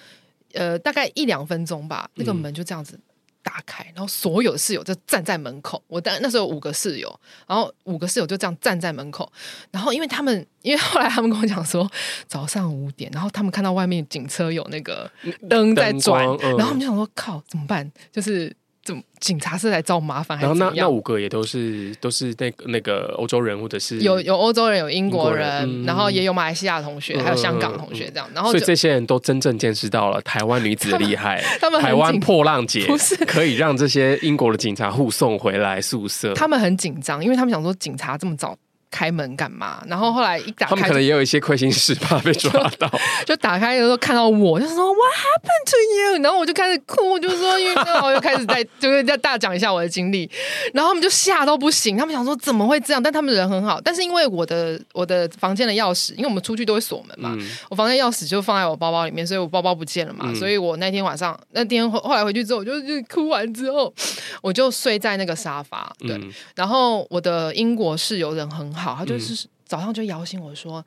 呃大概一兩分鐘吧，那個門就這樣子。嗯打開，然後所有的室友就站在門口。我當那時候有五個室友，然後五個室友就這樣站在門口。然後因為他們，因為後來他們跟我講說，早上五點，然後他們看到外面警車有那個燈在轉，呃、然後他們就想說：“靠，怎麼辦？”就是。怎麼，警察是來找麻煩還是怎麼樣？然後那那五個也都是都是那個、那個歐洲人，或者是有有歐洲人，有英國人，英國人嗯、然後也有馬來西亞同學，嗯、還有香港同學這樣。然後，所以這些人都真正見識到了台灣女子的厲害他。他們台灣破浪姐不是可以讓這些英國的警察護送回來宿舍？他們很緊張，因為他們想說警察這麼早，開門幹嘛？然後後來一打開，他們可能也有一些虧心事吧，怕被抓到， 就打開的時候看到我，就說 “What happened to you？” 然後我就開始哭，我就說，然後 you know, 我又開始在就是大講一下我的經歷，然後他們就嚇到不行，他們想說怎麼會這樣？但他們人很好，但是因為我的我的房間的鑰匙，因為我們出去都會鎖門嘛，嗯、我房間鑰匙就放在我包包裡面，所以我包包不見了嘛，嗯、所以我那天晚上那天後後來回去之後，我就，就哭完之後，我就睡在那個沙發，對，嗯、然後我的英國室友人很好。好，他就是早上就搖醒我說，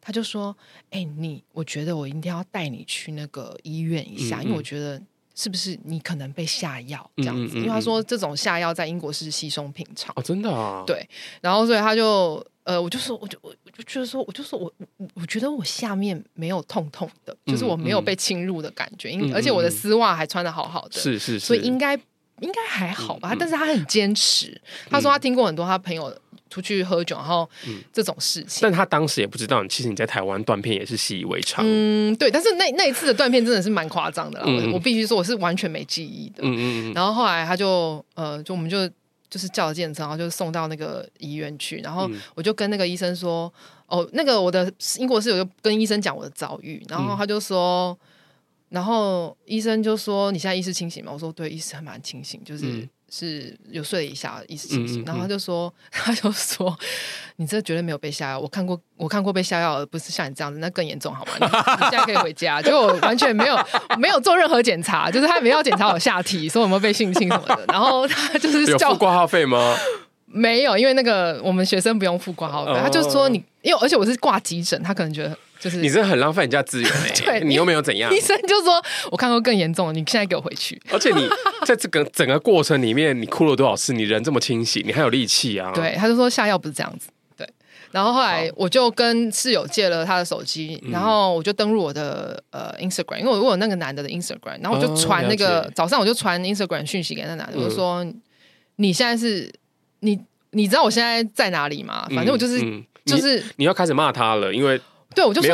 他就說：“哎，你，我覺得我一定要帶你去那個醫院一下，因為我覺得是不是你可能被下藥這樣子？因為他說這種下藥在英國是稀鬆平常啊，真的啊？對，然後所以他就呃，我就說，我就我我就覺得說，我就說我我我覺得我下面沒有痛痛的，就是我沒有被侵入的感覺，因而且我的絲襪還穿得好好的，是是，所以應該應該還好吧。但是他很堅持，他說他聽過很多他朋友。”出去喝酒，然後這種事情，嗯。但他當時也不知道，其實你在台灣斷片也是習以為常。嗯，對。但是那那一次的斷片真的是蠻誇張的，嗯、我必須說，我是完全沒記憶的。嗯，嗯嗯。然後後來他就呃，就我們就就是叫了救護車，然後就送到那個醫院去。然後我就跟那個醫生說：“嗯、哦，那個我的英國室友就跟醫生講我的遭遇。”然後他就說：“嗯、然後醫生就說你現在意識清醒嗎？”我說：“對，意識還蠻清醒。”就是。嗯是有睡了一下，意識清醒，然後他就說：“他就說，你這絕對沒有被下藥。我看過，我看過被下藥，不是像你這樣子，那更嚴重，好嗎？你現在可以回家。 結果完全沒有，沒有做任何檢查，就是他沒有檢查我下體，說有沒有被性侵什麼的。然後他就是叫有付掛號費嗎？沒有，因為那個我們學生不用付掛號費。他就說你，因為而且我是掛急診，他可能覺得。”就是你真的很浪費人家資源 對，你又沒有怎樣？醫生就說：“我看過更嚴重的，你現在給我回去。”而且你在這個整個過程裡面， 你哭了多少次？你人這麼清醒，你還有力氣啊？對，他就說下藥不是這樣子。對，然後後來我就跟室友借了他的手機，嗯、然後我就登錄我的呃 Instagram，因為我有那個男的的 Instagram，然後我就傳那個、哦、早上我就傳 Instagram 訊息給那個男的，我、嗯、說：“你現在是你，你知道我現在在哪裡嗎？反正我就是、嗯嗯、就是你要開始罵他了，因為。”對，我就說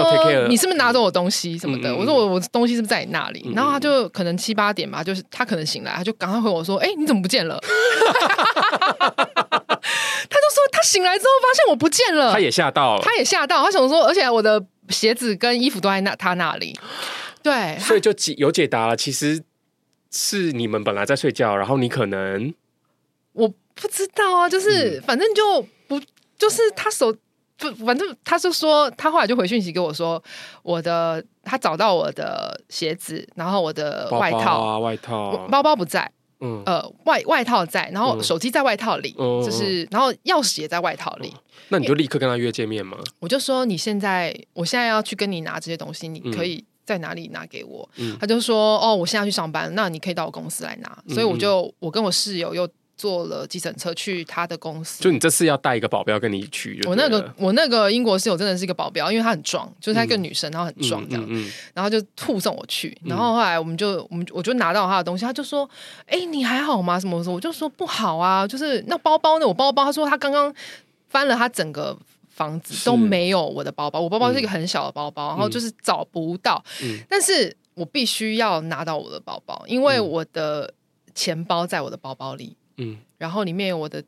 你是不是拿走我東西什麼的？嗯嗯嗯，我說我我東西是不是在你那裡？嗯嗯，然後他就可能七八點吧，就是他可能醒來，他就趕快回我說：“哎、欸，你怎麼不見了？” 他就說他醒來之後發現我不見了，他也嚇到了，他也嚇到，他想說，而且我的鞋子跟衣服都在那他那裡。對，所以就解有解答了，其實是你們本來在睡覺，然後你可能我不知道啊，就是、嗯、反正就不就是他手。就反正他就說，他後來就回信息給我說，我的他找到我的鞋子，然後我的外套、包包啊、外套、啊、包包不在，嗯，呃，外外套在，然後手機在外套裡，嗯、就是，然後鑰匙也在外套裡。那你就立刻跟他約見面嗎？我就說你現在，我現在要去跟你拿這些東西，你可以在哪裡拿給我？嗯、他就說哦，我現在要去上班，那你可以到我公司來拿。所以我就嗯嗯我跟我室友又。坐了計程車去他的公司，就你這次要帶一個保鏢跟你去？我那個我那個英國室友真的是一個保鏢，因為他很壯，就是他一個女生、嗯、然後很壯這樣，嗯嗯嗯、然後就護送我去。然後後來我們就我們我就拿到他的東西，他就說：“哎、欸，你還好嗎？”什麼時候？我就說：“我就說不好啊，就是那包包呢？我包包？”他說：“他剛剛翻了他整個房子都沒有我的包包，我包包是一個很小的包包，然後就是找不到。但是我必須要拿到我的包包，因為我的錢包在我的包包裡。”嗯，然後裡面有我的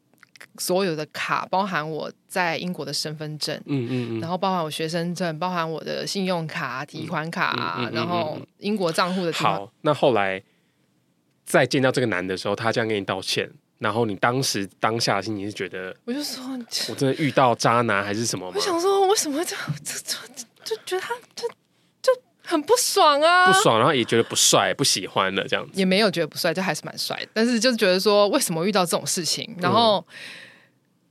所有的卡，包含我在英國的身份證，嗯嗯嗯，嗯嗯、然後包含我學生證，包含我的信用卡、提款卡、啊，嗯嗯嗯，然後英國賬戶的卡。好，那後來再見到這個男的時候，他這樣跟你道歉，然後你當時當下心情是覺得，我就說，我真的遇到渣男還是什麼嗎？我想說，為什麼會這這這就，就，就，就覺得他就。很不爽啊！不爽，然後也覺得不帥，不喜歡的這樣子。也沒有覺得不帥，就還是蠻帥。但是就是覺得說，為什麼遇到這種事情？然後，嗯、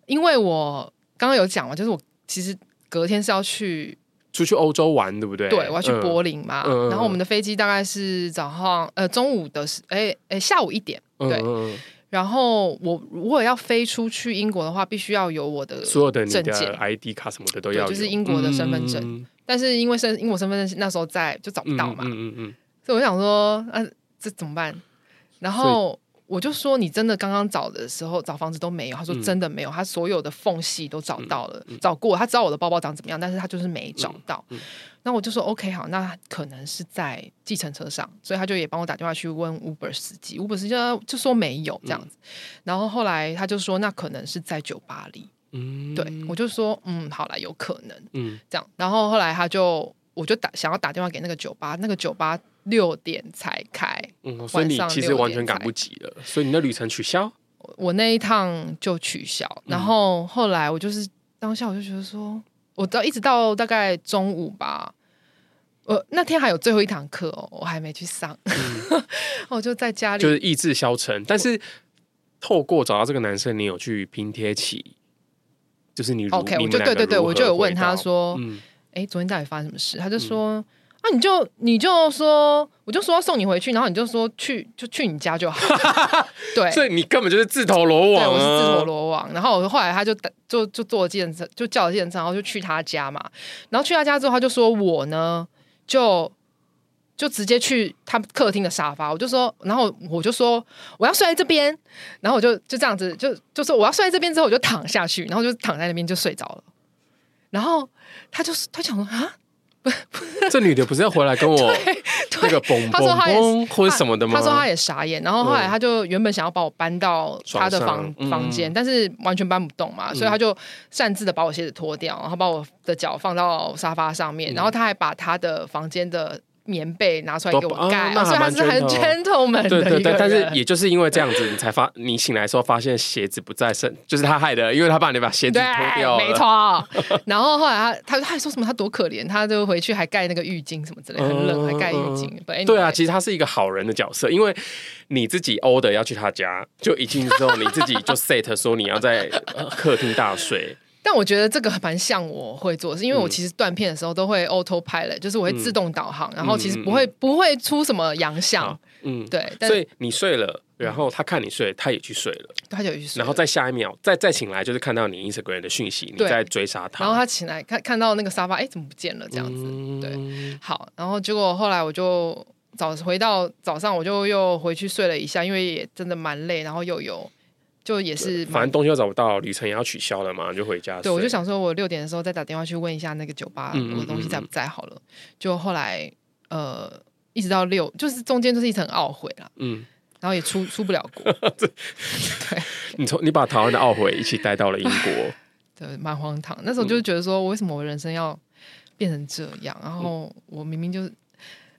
因為我剛剛有講了，就是我其實隔天是要去出去歐洲玩，對不對？對，我要去柏林嘛。嗯、然後我們的飛機大概是早上呃中午的時哎哎下午一點對。嗯、然後我如果要飛出去英國的話，必須要有我的所有的證件、你的 ID 卡什麼的都要有，就是英國的身份證。嗯但是因為身因為我身份證那時候在就找不到嘛，嗯嗯嗯嗯、所以我想說，啊，這怎麼辦？然後我就說，你真的剛剛找的時候找房子都沒有？他說真的沒有，他所有的縫隙都找到了，嗯嗯、找過，他知道我的包包長怎麼樣，但是他就是沒找到。嗯嗯、那我就說，OK，好，那可能是在計程車上，所以他就也幫我打電話去問 Uber 司機，Uber 司機就說沒有這樣子，嗯、然後後來他就說，那可能是在酒吧裡。嗯，對，我就說嗯，好啦，有可能，嗯，這樣。然後後來他就，我就打想要打電話給那個酒吧，那個酒吧六點才開，嗯，所以你其實完全趕不及了，所以你的旅程取消？我，我那一趟就取消。然後後來我就是當下我就覺得說，我到一直到大概中午吧，我那天還有最後一堂課喔，我還沒去上，嗯， 我就在家裡，就是意志消沉。但是我透過找到這個男生，你有去拼貼起。就是你 OK，我就對對對,對，我就有問他說，哎、嗯欸，昨天到底發生什麼事？他就說，嗯、啊，你就你就說，我就說送你回去，然後你就說去就去你家就好。 對，所以你根本就是自投羅網、啊，對，我是自投羅網。然後我後來他就就就坐了計程車，就叫了計程車，然後就去他家嘛。然後去他家之後，他就說我呢就。就直接去他客廳的沙發，我就說，然後我就說我要睡在這邊，然後我就就這樣子就就說我要睡在這邊之後，我就躺下去，然後就躺在那邊就睡着了。然後他就他想說啊，不是這女的不是要回來跟我那個崩崩或者是什麼的嗎？他說他也傻眼，然後後來他就原本想要把我搬到他的房房間，但是完全搬不動嘛，所以他就擅自的把我鞋子脫掉，然後把我的腳放到沙發上面，然後他還把他的房間的。嗯嗯棉被拿出來給我蓋、啊，哦、一個所以他是很 gentleman。對對對，但是也就是因為這樣子，你才發你醒來時候發現鞋子不在身，就是他害的，因為他幫你把鞋子脫掉。沒錯。然後後來他他說他還說什麼他多可憐，他就回去還蓋那個浴巾什麼之類，很冷、嗯、還蓋浴巾。Anyway, 對啊，其實他是一個好人的角色，因為你自己 order 要去他家，就一進之後你自己就 set 說你要在客廳大睡。但我覺得這個蠻像我會做，是因為我其實斷片的時候都會 auto pilot、嗯、就是我會自動導航，嗯、然後其實不會、嗯、不會出什麼洋相。嗯，對。所以你睡了，然後他看你睡，他也去睡了，他也去睡。然後再下一秒，嗯、再再醒來，就是看到你 Instagram 的訊息，對你在追殺他。然後他起來看看到那個沙發，哎、欸，怎麼不見了？這樣子，嗯、對。好，然後結果後來我就早回到早上，我就又回去睡了一下，因為也真的蠻累，然後又有。就也是，反正東西又找不到，旅程也要取消了嘛，就回家。對，我就想說，我六點的時候再打電話去問一下那個酒吧，我的東西在不在好了。嗯嗯嗯，就後來，呃，一直到六，就是中間就是一層懊悔了。嗯，然後也出出不了國。 對，你從你把台灣的懊悔一起帶到了英國。 對，蠻荒唐。那時候就覺得說，為什麼我人生要變成這樣？然後我明明就是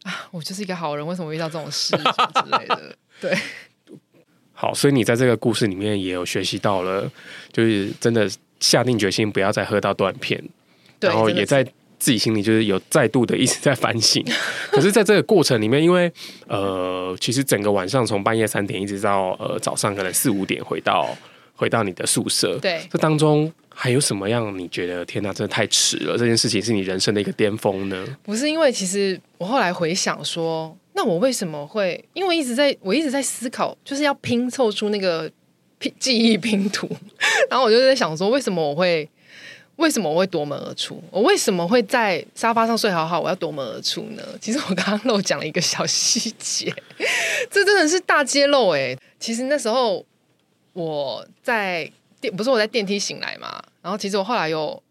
啊，我就是一個好人，為什麼遇到這種事之類的？ 對。好，所以你在這個故事裡面也有學習到了，就是真的下定決心不要再喝到斷片，對然後也在自己心裡就是有再度的一直在反省。 可是，在這個過程裡面，因為呃，其實整個晚上從半夜三點一直到呃早上可能四五點，回到回到你的宿舍，對，這當中還有什麼讓你覺得天哪、啊，真的太遲了？這件事情是你人生的一個巔峰呢？不是因為其實我後來回想說。那我為什麼會？因為一直在我一直在思考，就是要拼湊出那個拼記憶拼圖。然後我就在想說，為什麼我會為什麼我會奪門而出？我為什麼會在沙發上睡好好？我要奪門而出呢？其實我剛剛漏講了一個小細節，這真的是大揭露誒、欸。其實那時候我在電不是我在電梯醒來嘛？然後其實我後來有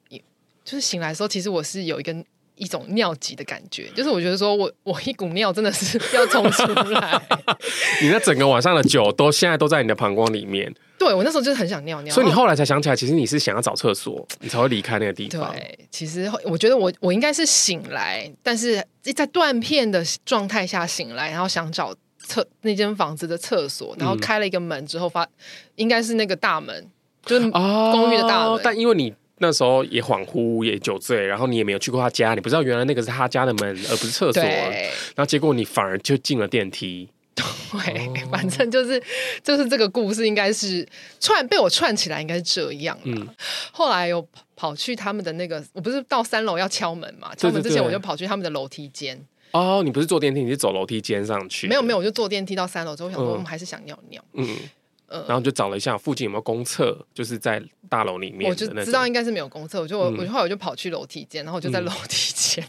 就是醒來的時候，其實我是有一根。一種尿急的感覺，就是我覺得說，我我一股尿真的是要衝出來。 你那整個晚上的酒都現在都在你的膀胱裡面。對，我那時候就是很想尿尿。所以你後來才想起來，其實你是想要找廁所，你才會離開那個地方。哦，對，其實我覺得我我應該是醒來，但是在斷片的狀態下醒來，然後想找廁那間房子的廁所，然後開了一個門之後發，應該是那個大門，就是公寓的大門。哦，但因為你。那時候也恍惚，也酒醉，然後你也沒有去過他家，你不知道原來那個是他家的門，而不是廁所。那對。然後結果你反而就進了電梯。對，哦、反正就是就是這個故事，應該是串被我串起來，應該是這樣的。嗯、後來又跑去他們的那個，我不是到三樓要敲門嘛？對對對，敲門之前我就跑去他們的樓梯間。哦，你不是坐電梯，你是走樓梯間上去？沒有沒有，我就坐電梯到三樓之後，所以我想說我們還是想尿尿。嗯。嗯嗯，呃、然後就找了一下附近有沒有公廁，就是在大樓裡面，我就知道應該是沒有公廁，我就我後來、嗯、我就跑去樓梯間，然後我就在樓梯間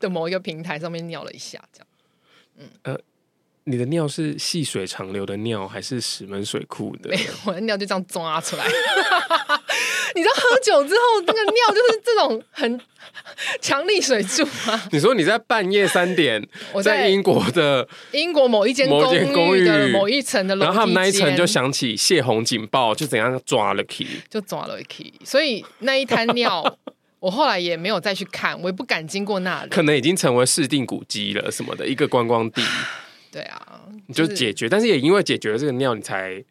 的某一個平台上面尿了一下，這樣，嗯，嗯你的尿是細水長流的尿，還是石門水庫的？沒有，我的尿就這樣抓出來。 你知道喝酒之後， 那個尿就是這種很強力水柱嗎？你說你在半夜三點，在我在英國的英國某一間某間公寓的某一層的樓梯間，然後他們那一層就響起洩洪警報，就怎樣抓了 key，就抓了 key。所以那一灘尿，我後來也沒有再去看，我也不敢經過那裡，可能已經成為市定古蹟了什麼的一個觀光地。對啊，就是、你就解決，但是也因為解決了這個尿，你才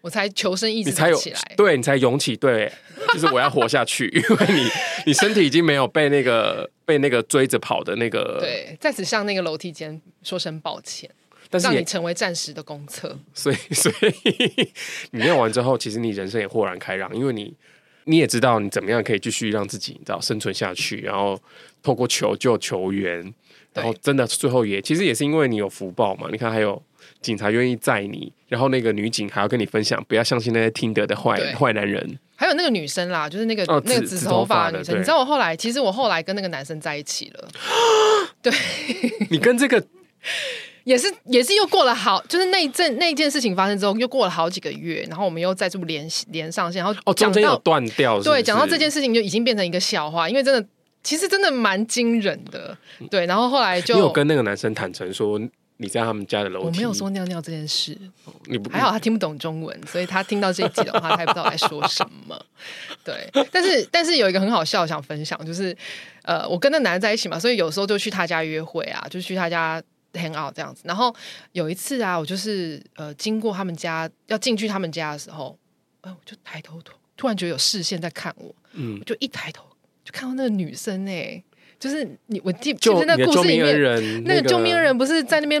我才求生意志才有起來，你對你才湧起，對， 就是我要活下去，因為你你身體已經沒有被那個 被那個追着跑的那個，對，在此向那個樓梯間說聲抱歉，但是讓你成為暫時的公廁，所以所以 你尿完之後，其實你人生也豁然開朗，因為你你也知道你怎麼樣可以繼續讓自己你知道生存下去，然後透過求救求援。對然後真的，最後也其實也是因為你有福報嘛。你看，還有警察願意載你，然後那個女警還要跟你分享，不要相信那些聽得的壞壞對男人。還有那個女生啦，就是那個、哦、那個紫，紫頭髮的女生。你知道我後來，其實我後來跟那個男生在一起了。啊、對，你跟這個 也是也是又過了好，就是那一陣那一件事情發生之後，又過了好幾個月，然後我們又再度聯繫連上線，然後講到哦，中間有斷掉是不是，對，講到這件事情就已經變成一個笑話，因為真的。其實真的蠻驚人的，對。然後後來就，你有跟那個男生坦誠說你在他們家的樓梯，我沒有說尿尿這件事。你不還好？他聽不懂中文，所以他聽到這一集的話， 他也不知道來說什麼。對，但是但是有一個很好笑，想分享，就是呃，我跟那男的在一起嘛，所以有時候就去他家約會啊，就去他家 hang out 這樣子。然後有一次啊，我就是呃，經過他們家要進去他們家的時候，呃、我就抬頭抬，突突然覺得有視線在看我，嗯，我就一抬頭。就看到那個女生誒、欸，就是你我記，其實就那個故事裡面，那個救命恩人不是在那邊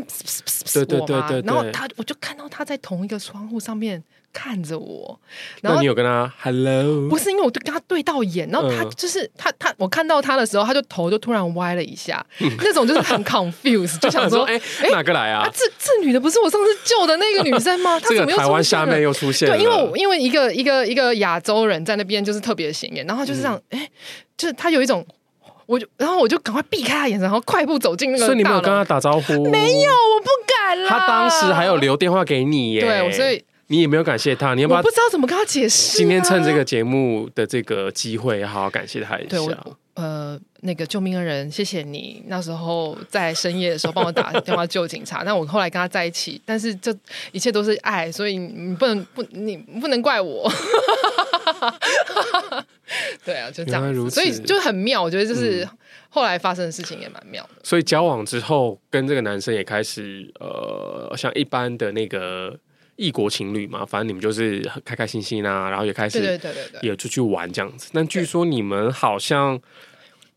對對對對，對，然後他我就看到他在同一個窗戶上面。看着我，然後那你有跟他 hello？不是，因為我跟跟他對到眼，然後他就是、嗯、他他我看到他的時候，他就頭就突然歪了一下，嗯、那種就是很 confused， 就想說哎、 欸、哪個來啊？啊這這女的不是我上次救的那個女生嗎？他怎麼又這個台灣下面又出現了，對，因為因為一個一個一個亞洲人在那邊就是特別顯眼，然後就是這樣，哎、嗯，就是他有一種，我就然後我就趕快避開他眼神，然後快步走進那個，所以你沒有跟他打招呼， 沒有，我不敢了。他當時還有留電話給你耶，對，我所以。你也沒有感謝他，你要把我不知道怎麼跟他解釋、啊。今天趁這個節目的這個機會，要好好感謝他一下。對，我呃，那個救命恩人，謝謝你那時候在深夜的時候幫我打電話救警察。那 我後來跟他在一起，但是這一切都是愛，所以你不能不你不能怪我。 對啊，就這樣，所以就很妙。我覺得就是後來發生的事情也蠻妙的、嗯、所以交往之後，跟這個男生也開始呃，像一般的那個。異國情侶嘛，反正你們就是開開心心啊，然後也開始，對對對，也出去玩這樣子。但據說你們好像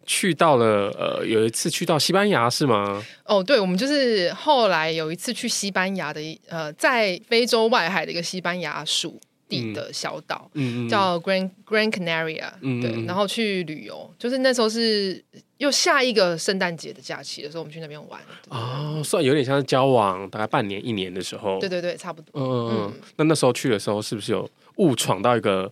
去到了呃，有一次去到西班牙是嗎？哦，對，我們就是後來有一次去西班牙的，呃，在非洲外海的一個西班牙屬地的小島、嗯嗯、叫 Grand Grand Canaria、嗯、對，然後去旅遊，就是那時候是又下一個聖誕節的假期的時候，我們去那邊玩，對對對，哦，算有點像是交往大概半年一年的時候，對對對，差不多。嗯，嗯那那時候去的時候是不是有誤闖到一個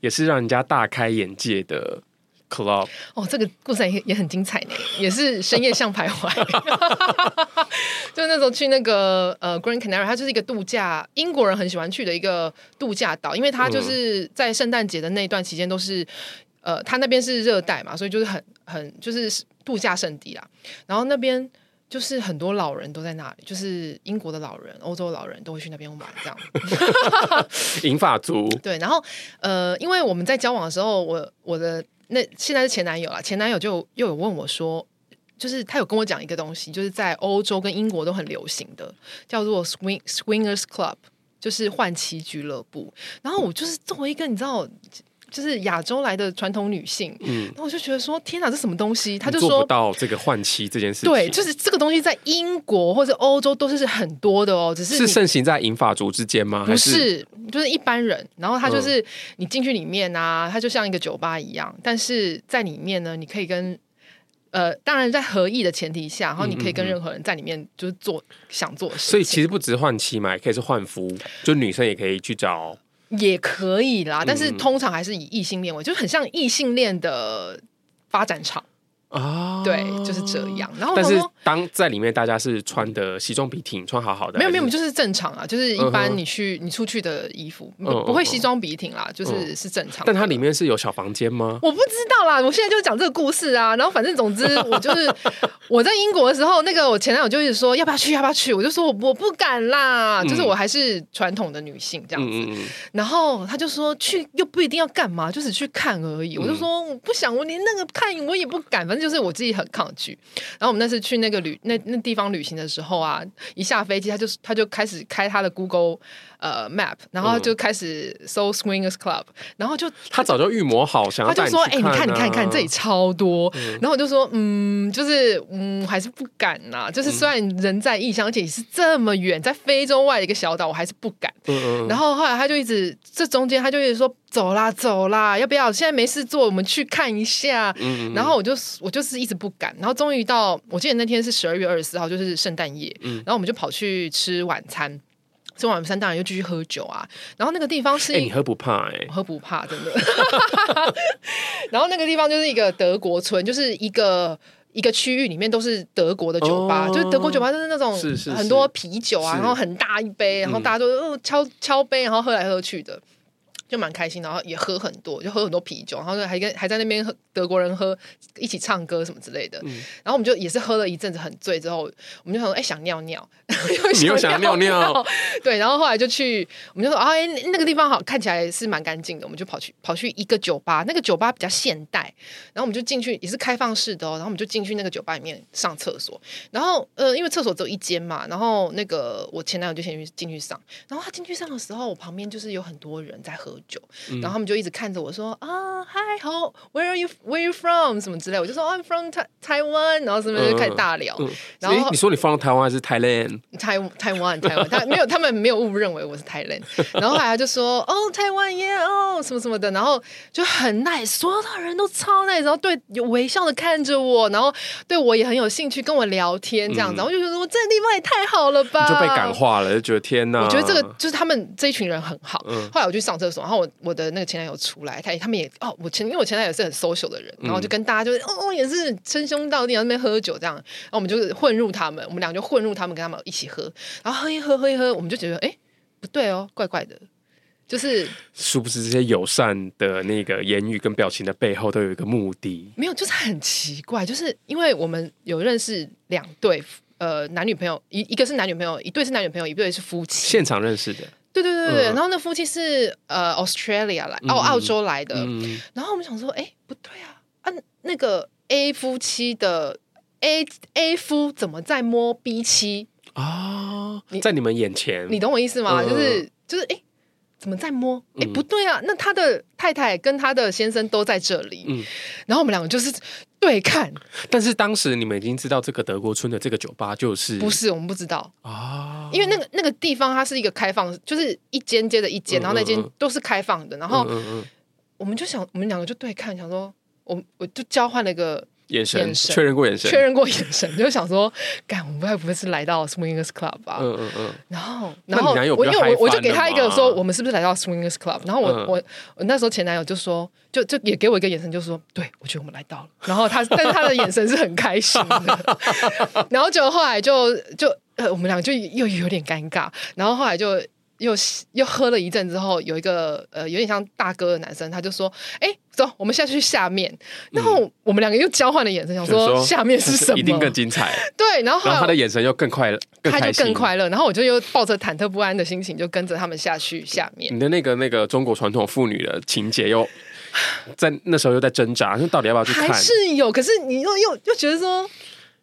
也是讓人家大開眼界的？Club 哦，這個故事也也很精彩呢，也是深夜巷徘徊， 就那時候去那個呃 Grand Canary，它就是一個度假，英國人很喜歡去的一個度假島，因為它就是在聖誕節的那一段期間都是，呃，它那邊是熱帶嘛，所以就是很很就是度假聖地啦。然後那邊就是很多老人都在那裡，就是英國的老人、歐洲老人都會去那邊玩這樣。銀 髮 族對，然後呃，因為我們在交往的時候，我我的。那現在是前男友啊，前男友就又有問我說，就是他有跟我講一個東西，就是在歐洲跟英國都很流行的，叫做 swing swingers club，就是換妻俱樂部。然後我就是作為一個，你知道。就是亞洲來的傳統女性，嗯，那我就覺得說，天哪，這什麼東西？他就說做不到這個換妻這件事情。對，就是這個東西在英國或者歐洲都是很多的哦，只是，是盛行在銀髮族之間嗎？是不是，就是一般人。然後他就是你進去裡面啊，嗯、它就像一個酒吧一樣，但是在裡面呢，你可以跟呃，當然在合意的前提下，然後你可以跟任何人在裡面就是做嗯嗯想做事。所以其實不只是換妻嘛，也可以是換夫，就女生也可以去找。也可以啦，但是通常還是以異性戀為，嗯、就很像異性戀的發展場。啊，哦、對，就是這樣。然後但是當在裡面，大家是穿的西裝筆挺，穿好好的，沒有沒有，就是正常啊，就是一般你去、嗯、哼你出去的衣服嗯嗯嗯，不，不會西裝筆挺啦，就是是正常、嗯。但它裡面是有小房間嗎？我不知道啦，我現在就講這個故事啊。然後反正總之，我就是 我在英國的時候，那個我前男友就一直說 要不要去，要不要去，我就說我我不敢啦，嗯、就是我還是傳統的女性這樣子。嗯嗯嗯然後他就說去又不一定要幹嘛，就是去看而已。我就說我不想，我連那個看我也不敢，反正。就是我自己很抗拒，然後我們那次去那個旅那那地方旅行的時候啊，一下飛機他就他就開始開他的 Google。呃，map，然後就開始搜 swingers club，然後就他早就預謀好，想他就說，哎，你看，你看，你看，這裡超多。然後我就說，嗯，就是嗯，還是不敢吶。就是雖然人在異鄉，而且你是這麼遠，在非洲外的一個小島，我還是不敢。然後後來他就一直這中間，他就一直說走啦，走啦，要不要？現在沒事做，我們去看一下。然後我就我就是一直不敢。然後終於到，我記得那天是十二月二十四號，就是聖誕夜。然後我們就跑去吃晚餐。吃完晚餐當然又繼續喝酒啊，然後那個地方是，欸，你喝不怕哎，欸哦，喝不怕真的。 然後那個地方就是一個德國村，就是一個一個區域裡面都是德國的酒吧，哦、就是德國酒吧，就是那種是是很多啤酒啊，是是是然後很大一杯，是然後大家都哦敲敲杯，然後喝來喝去的。就蠻開心，然後也喝很多，就喝很多啤酒，然後就還跟還在那邊和德國人喝，一起唱歌什麼之類的。嗯、然後我們就也是喝了一陣子，很醉之後，我們就想說，哎，想尿尿。你又想尿尿？對，然後後來就去，我們就說，哎、啊，那個地方好看起來是蠻乾淨的，我們就跑去跑去一個酒吧，那個酒吧比較現代，然後我們就進去，也是開放式的哦，然後我們就進去那個酒吧裡面上廁所。然後呃，因為廁所只有一間嘛，然後那個我前男友就先去進去上，然後他進去上的時候，我旁邊就是有很多人在喝酒。就，嗯、然後他們就一直看着我說啊，hi 好，Where are you? Where you from? 什麼之類的，我就說、oh, I'm from 台台灣，然後什麼就開始大聊。嗯嗯、然後、欸、你說你 from 台灣還是 Thailand Tai 台灣，他 沒有，他們沒有誤認為我是 Thailand。 然後後來他就說哦，台灣耶，哦，什麼什麼的，然後就很 nice，所有的人都超 nice，然後對有微笑的看着我，然後對我也很有興趣跟我聊天這樣子，我、嗯、就覺得我這個地方也太好了吧，就被感化了，就覺得天吶、啊，我覺得這個就是他們這一群人很好。嗯、後來我去上廁所。然後我我的那個前男友出來，他他們也哦，我前因為我前男友是很 social 的人，然後就跟大家就哦也是稱兄道弟，然後在那邊喝酒這樣，然後我們就混入他們，我們倆就混入他們，跟他們一起喝，然後喝一喝喝一喝，我們就覺得哎不對哦，怪怪的，就是殊不知這些友善的那個言語跟表情的背後都有一個目的？沒有，就是很奇怪，就是因為我們有認識兩對呃男女朋友，一一個是男女朋友，一對是男女朋友，一對是夫妻，現場認識的。對對對對，嗯、然後那夫妻是呃 Australia 來澳澳洲來的，嗯嗯、然後我們想說，哎，不對啊，啊那個 A 夫妻的 A A 夫怎麼在摸 B 妻啊？哦、你在你們眼前，你懂我意思嗎？就是、嗯、就是，哎、就是，怎麼在摸？哎，不對啊，那他的太太跟他的先生都在這裡，嗯、然後我們兩個就是。對看，但是當時你們已經知道這個德國村的這個酒吧就是，不是，我們不知道，啊？因為那個那個地方它是一個開放，就是一間接着一間，嗯嗯嗯，然後那間都是開放的，然後我們就想，嗯嗯嗯，我們兩個就對看，想說，我我就交換了一個。眼神確認過眼神，確認過眼神，就想說，幹我們該不會是來到 swingers club 吧？啊？嗯嗯嗯、然後，然後我因為我我就給他一個說，我們是不是來到 swingers club？然後我、嗯、我，我那時候前男友就說，就就也給我一個眼神，就說，對，我覺得我們來到了。然後他，但他的眼神是很開心的。 然後就後來就就、呃、我們兩個就，呃、兩個就又，又有點尷尬。然後後來就又又喝了一陣之後，有一個呃有點像大哥的男生，他就說，哎、欸。走，我們下去下面。然後我們兩個又交換了眼神，嗯、想說下面是什麼，一定更精彩。對，然後後來，然後他的眼神又更快，更開心，他就更快樂。然後我就又抱着忐忑不安的心情，就跟着他們下去下面。你的那個那個中國傳統婦女的情結又，又在那時候又在掙扎，那到底要不要去看？還是有，可是你又又又覺得說。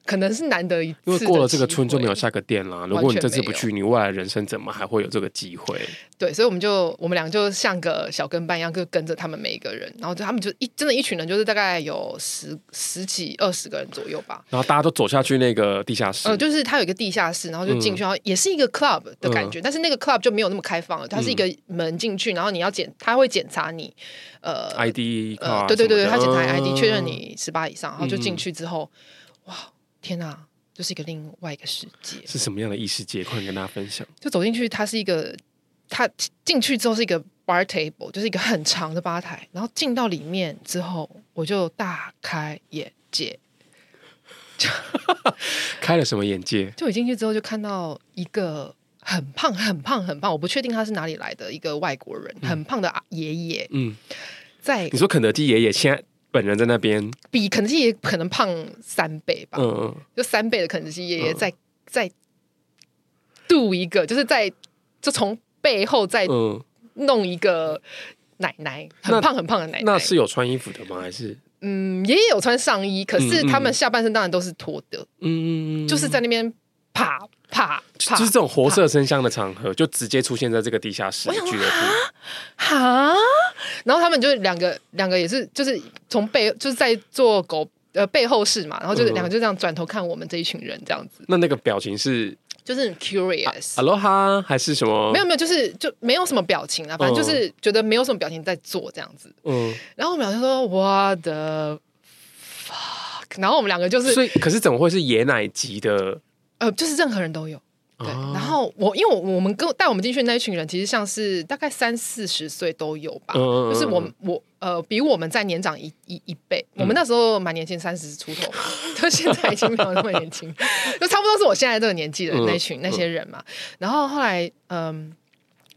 可能是難得一次，因為過了這個村就沒有下個店啦。如果你這次不去，你未來人生怎麼還會有這個機會？對，所以我們就我們倆就像個小跟班一樣，就跟着他們每一個人。然後就他們就一真的一群人，就是大概有十十幾二十個人左右吧。然後大家都走下去那個地下室，嗯、呃，就是它有一個地下室，然後就進去，然後也是一個 club 的感覺，嗯、但是那個 club 就沒有那麼開放了。嗯、它是一個門進去，然後你要檢，他會檢查你，呃，ID，呃，對對對對，他檢查 ID 確、嗯、認你十八以上，然後就進去之後，嗯、哇。天吶、啊，這、就是一個另外一個世界，是什麼樣的異世界？快跟大家分享。就走進去，它是一個，它進去之後是一個 bar table，就是一個很長的吧台。然後進到裡面之後，我就大開眼界。 開了什麼眼界？就我進去之後，就看到一個很胖、很胖、很胖、很胖，我不確定他是哪裡來的一個外國人，嗯、很胖的爺爺。嗯，在你說肯德基爺爺現在。本人在那邊，比肯德基也可能胖三倍吧。嗯、就三倍的肯德基爺爺在、嗯、在督一個，就是在就從背後再弄一個奶奶，嗯、很胖很胖的奶奶那。那是有穿衣服的嗎？還是嗯，爺爺有穿上衣，可是他們下半身當然都是脫的。嗯，就是在那邊爬。啪，就是這種活色生香的場合，怕就直接出現在這個地下室的俱樂部。哈，然後他們就兩個，兩個也是，就是從背，就是在做狗呃背後式嘛。然後就是、嗯、兩個就這樣轉頭看我們這一群人，這樣子。那那個表情是，就是很 curious，aloha、啊、還是什麼？沒有沒有，就是就沒有什麼表情啊，反正就是覺得沒有什麼表情在做這樣子。嗯，然後我們兩個就說我的，What the fuck? 然後我們兩個就是，所以可是怎麼會是爺奶級的？呃，就是任何人都有，對。哦、然後我，因為我我們跟帶我們進去的那一群人，其實像是大概三四十歲都有吧，嗯嗯，就是我我呃比我們再年長一一一倍，我們那時候蠻年輕，三十出頭，到、嗯、 現在已經沒有那麼年輕， 就差不多是我現在這個年紀的那群、嗯、那些人嘛。然後後來嗯。呃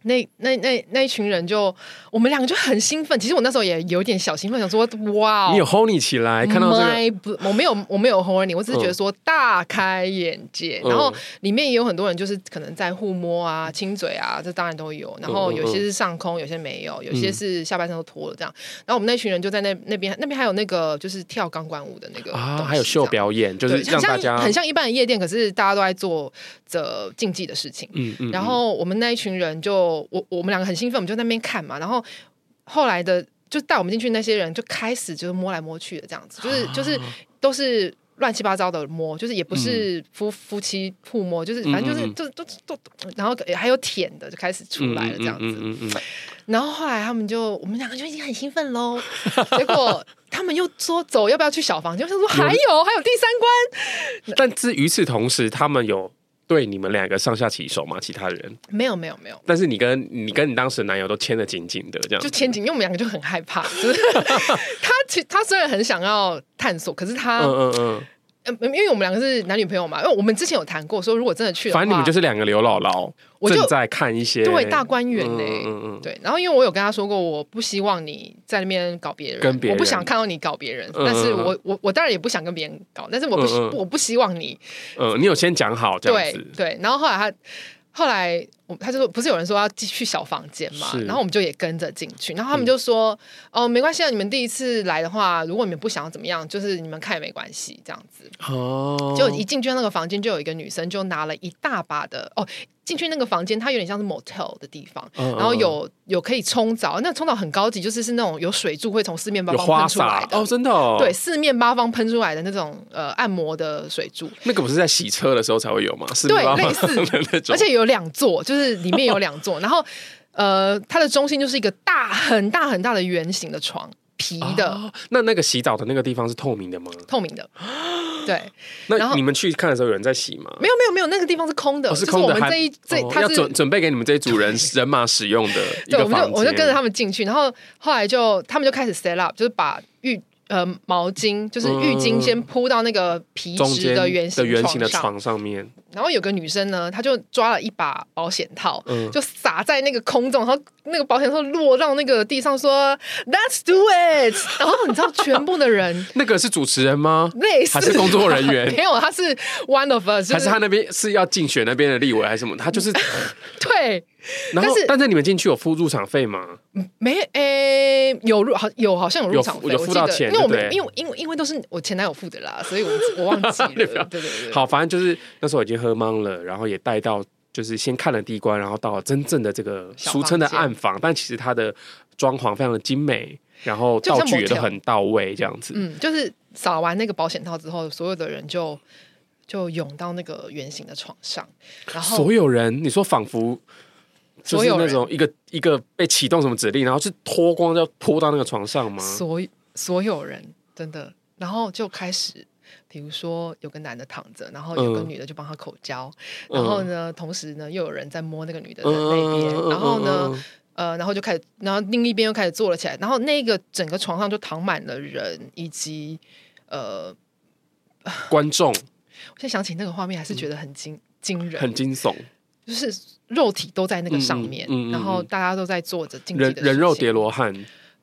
那那那那一群人就我們兩個就很興奮，其實我那時候也有點小興奮，想說哇，你有 hold 你起來 My 看到、這個、我沒有，我沒有我沒有 hold 你，我只是覺得說大開眼界。嗯、然後裡面也有很多人，就是可能在互摸啊、嗯、親嘴啊，這當然都有。然後有些是上空，有些沒有，有些是下半身都脫了這樣。然後我們那群人就在那那邊，那邊還有那個就是跳鋼管舞的那個啊，還有秀表演，就是讓大家很像，很像一般的夜店，可是大家都在做着禁忌的事情。嗯嗯，嗯然後我們那一群人就。我我我們兩個很興奮，我們就在那邊看嘛。然後後來的就帶我們進去那些人就開始就是摸來摸去的這樣子，就是就是都是亂七八糟的摸，就是也不是夫、嗯、夫妻互摸，就是反正就是、嗯、就都都，然後、欸、還有舔的就開始出來了這樣子。嗯嗯嗯嗯嗯、然後後來他們就我們兩個就已經很興奮嘍， 結果他們又說走，要不要去小房間？就是說還有、嗯、還有第三關。但與此同時，他們有。對，你們兩個上下其手嗎？其他人沒有沒有沒有，但是你跟你跟你當時的男友都牽得緊緊的，這樣就牽緊，因為我們兩個就很害怕，就是 他其他雖然很想要探索，可是他嗯嗯嗯。嗯，因為我們兩個是男女朋友嘛，因為我們之前有談過，說如果真的去了，反正你們就是兩個劉姥姥，我就在看一些對大觀園呢，嗯嗯，對。然後因為我有跟他說過，我不希望你在那邊搞別人，跟別人我不想看到你搞別人。嗯、但是我、嗯、我我當然也不想跟別人搞，但是我不、嗯、我不希望你。呃、嗯，嗯、對你有先講好這樣子對，對。然後後來他後來。他就說：“不是有人說要進去小房間嘛？是然後我們就也跟着進去。然後他們就說：‘嗯、哦，沒關係啊，你們第一次來的話，如果你們不想要怎麼樣，就是你們看也沒關係。’這樣子，哦，就一進去那個房間，就有一個女生就拿了一大把的哦。進去那個房間，它有點像是 motel 的地方，嗯嗯嗯然後有有可以沖澡。那沖澡很高級，就是是那種有水柱會從四面八方噴出來的哦，真的、哦，對，四面八方噴出來的那種呃按摩的水柱。那個不是在洗車的時候才會有嗎？是是對，類似的 種而且有兩座，就是。”是裡面有兩座，然後，呃，它的中心就是一個大很大很大的圓形的床皮的、啊。那那個洗澡的那個地方是透明的嗎？透明的，對。然後，那你們去看的時候有人在洗嗎？沒有沒有沒有，那個地方是空的，哦、是空的還是我們這。這一這它是準備給你們這一組人人馬使用的。對，我們就我就跟着他們進去，然後後來就他們就開始 set up，就是把浴。呃，毛巾，就是浴巾，先鋪到那個皮質的圓形的圓形的床上面。然後有個女生呢，她就抓了一把保險套，嗯、就撒在那個空中，然後那個保險套落到那個地上說，說 Let's do it。 然後你知道， 全部的人，那個是主持人嗎？類似是工作人員，沒有，他是 One of us，、就是、還是他那邊是要競選那邊的立委還是什麼？他就是 對。但是但是你們進去有付入場費嗎？沒、欸，有入好有好像有入場費，有付，有付到錢對因為我們因為因為因為都是我前男友付的啦， 所以我我忘記了。 道對對對，對，好，反正就是那時候我已經喝懵了，然後也帶到就是先看了第一關，然後到了真正的這個俗稱的暗房，但其實它的裝潢非常的精美，然後道具也都很到位，這樣子。嗯，就是掃完那個保險套之後，所有的人就就湧到那個圓形的床上，然後所有人，你說仿佛。就是那種一個一個被啟動什麼指令，然後是脫光就要撲到那個床上嗎？所有所有人真的，然後就開始，比如說有個男的躺着，然後有個女的就幫他口交，嗯、然後呢，同時呢又有人在摸那個女的的那邊，嗯、然後呢，嗯嗯、呃，然後就開始，然後另一邊又開始坐了起來，然後那個整個床上就躺滿了人以及呃觀眾。 我現在想起那個畫面，還是覺得很驚驚、嗯、人，很驚悚，就是。肉體都在那個上面，嗯嗯嗯、然後大家都在坐着，人人肉疊羅漢。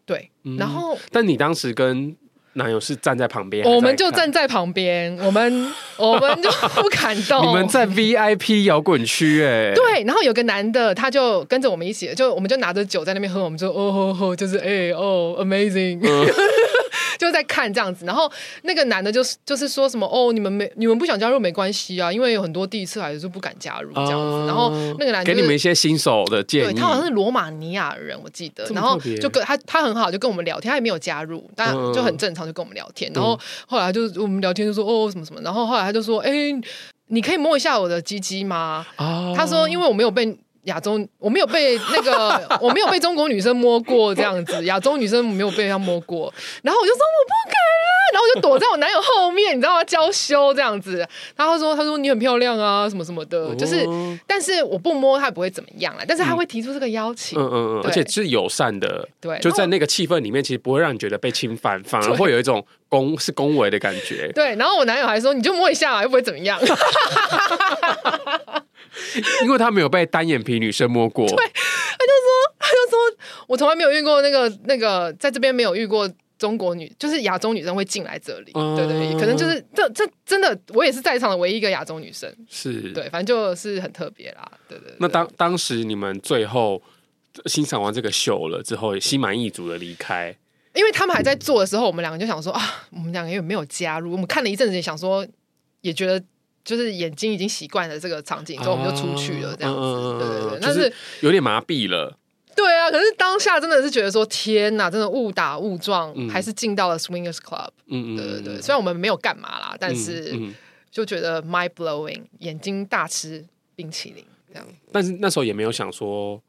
對，嗯、然後，但你當時跟男友是站在旁邊在，我們就站在旁邊，我們我們就不敢動。 你們在 VIP 搖滾區哎、欸， 對，然後有個男的，他就跟着我們一起，就我們就拿着酒在那邊喝，我們就哦吼吼，就是哎哦，amazing。嗯 就在看這樣子，然後那個男的，就是就是說什麼哦，你們沒你們不想加入沒關係啊，因為有很多第一次來的就不敢加入這樣子，哦、然後那個男的、就是，給你們一些新手的建議，對他好像是羅馬尼亞人我記得，然後就跟他他很好就跟我們聊天，他也沒有加入，但就很正常就跟我們聊天，嗯、然後後來就我們聊天就說哦什麼什麼，然後後來他就說哎、欸，你可以摸一下我的雞雞嗎？哦、他說因為我沒有被。亞洲，我沒有被那個 我沒有被中國女生摸過這樣子，亞洲女生沒有被她摸過。然後我就說我不敢了，然後我就躲在我男友後面， 你知道嗎？嬌羞這樣子。然後他說他說，你很漂亮啊，什麼什麼的，哦、就是但是我不摸他不會怎麼樣，但是他會提出這個邀請，嗯嗯嗯，對而且是友善的，對，後就在那個氣氛裡面，其實不會讓你覺得被侵犯，反而會有一種恭對 是恭維的感覺。對，然後我男友還說你就摸一下吧，啊，又不會怎麼樣。 因為他沒有被單眼皮女生摸過， 對，他就說，他就說，我從來沒有遇過那個那個，在這邊沒有遇過中國女，就是亞洲女生會進來這裡，嗯、對，對對，可能就是這這真的，我也是在場的唯一一個亞洲女生，是對，反正就是很特別啦，對對、對。那當當時你們最後欣賞完這個秀了之後，對。心滿意足的離開，因為他們還在做的時候，嗯、我們兩個就想說啊，我們兩個有沒有加入，我們看了一陣子，想說也覺得。就是眼睛已經習慣了這個場景，然後我們就出去了，這樣子。Oh, uh, uh, uh, 對對對，就是、但是有點麻痹了。對啊，可是當下真的是覺得說，天哪、啊，真的誤打誤撞，嗯、還是進到了 Swingers Club。嗯嗯，對對對。嗯、雖然我們沒有幹嘛啦，但是、嗯嗯、就覺得 mind blowing，眼睛大吃冰淇淋這樣。但是那時候也沒有想說。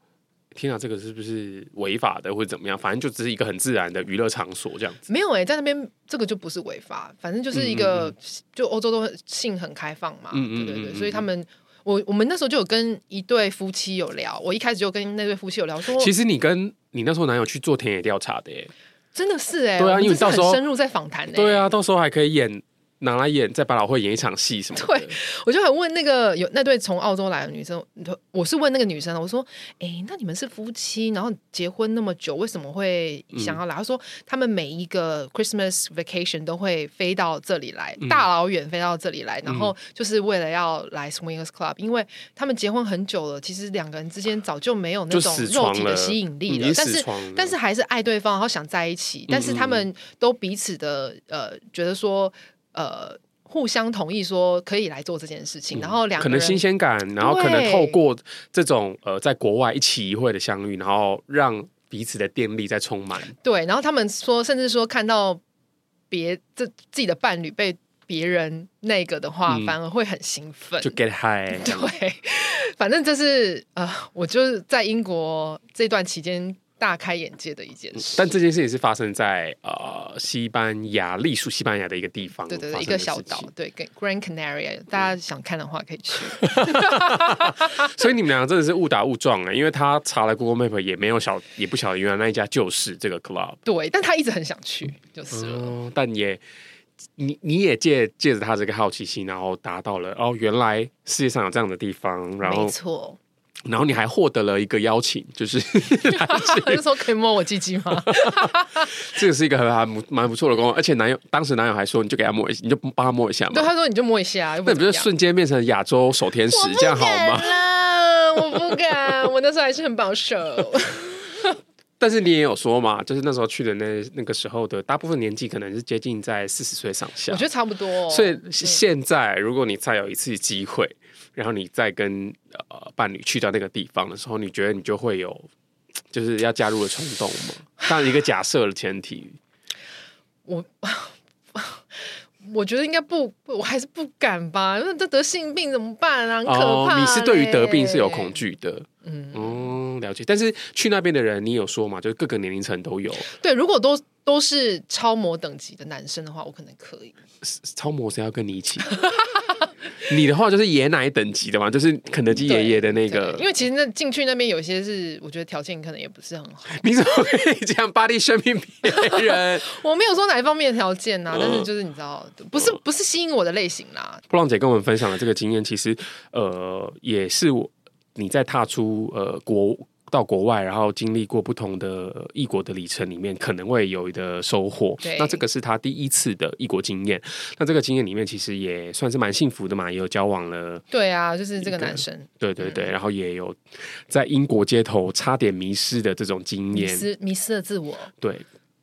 天啊，這個是不是違法的，或者怎麼樣？反正就只是一個很自然的娛樂場所這樣子。沒有哎、欸，在那邊這個就不是違法，反正就是一個，嗯嗯嗯，就歐洲都性很開放嘛。嗯嗯，嗯，嗯，嗯對，對對。所以他們，我我們那時候就有跟一對夫妻有聊。我一開始就有跟那對夫妻有聊說，說其實你跟你那時候男友去做田野調查的、欸，真的是哎、欸。對啊，因為到時候深入在訪談。對啊，到時候還可以演。拿來演，在百老匯演一場戲什麼？對，我就很問那個有那對從澳洲來的女生，我是問那個女生，我說：“哎、欸，那你們是夫妻，然後結婚那麼久，為什麼會想要來？”她、嗯、說：“他們每一個 Christmas vacation 都會飛到這裡來，大老遠飛到這裡來，嗯、然後就是為了要來 Swingers Club，、嗯、因為他們結婚很久了，其實兩個人之間早就沒有那種肉體的吸引力了，就死床了，你也是死床了。但是但是還是愛對方，然後想在一起，但是他們都彼此的呃，覺得說。”呃，互相同意說可以來做這件事情，嗯、然後兩個人可能新鮮感，對然後可能透過這種呃，在國外一起一會的相遇，然後讓彼此的電力再充滿。對，然後他們說，甚至說看到別這自己的伴侶被別人那個的話，嗯、反而會很興奮，就 get high。對，嗯、反正就是呃，我就是在英國這段期間。大開眼界的一件事，但這件事也是發生在呃西班牙，隸屬西班牙的一個地方，對，對對，一個小島，起對，Grand Canaria，嗯、大家想看的話可以去。所以你們兩個真的是誤打誤撞啊？因為他查了 Google Map 也沒有小，也不曉得原來那一家就是這個 Club。對，但他一直很想去，嗯、就是、嗯。但也你你也借借着他這個好奇心，然後達到了哦，原來世界上有這樣的地方，然後。沒錯。然後你還獲得了一個邀請，就是 那時候可以摸我雞雞嗎？ 這個是一個很蠻不錯的工作，而且男友當時男友還說，你就給他摸一，你就幫他摸一下嘛。對，他說，你就摸一下，不那你不是瞬間變成亞洲守天使這樣好嗎？ 我不敢，我那時候還是很保守。 但是你也有說嘛，就是那時候去的那那個時候的大部分年紀，可能是接近在四十歲上下，我覺得差不多、哦。所以、嗯、現在如果你再有一次機會。然後你再跟呃伴侶去到那個地方的時候，你覺得你就會有就是要加入的衝動嗎？當然一個假設的前提，我我覺得應該不，我還是不敢吧。那這得性病怎麼辦啊？很可怕、哦！你是對於得病是有恐懼的，嗯，嗯，了解。但是去那邊的人，你有說嘛？就是各個年齡層都有。對，如果都都是超模等級的男生的話，我可能可以。超模誰，要跟你一起。 你的話就是爺奶等級的嘛，就是肯德基爺爺的那個。因為其實那進去那邊有些是，我覺得條件可能也不是很好。你怎麼可以這樣黎地聲比別人？我沒有說哪一方面的條件吶、啊，嗯、但是就是你知道，不是、嗯、不是吸引我的類型啦、啊。破浪姐跟我們分享的這個經驗，其實呃也是我你在踏出呃國。到國外，然後經歷過不同的異國的旅程，裡面可能會有的收穫。對，那這個是他第一次的異國經驗。那這個經驗裡面，其實也算是蠻幸福的嘛，也有交往了。對啊，就是這個男生。對對對，對，嗯，然後也有在英國街頭差點迷失的這種經驗，迷失，迷失了自我。對，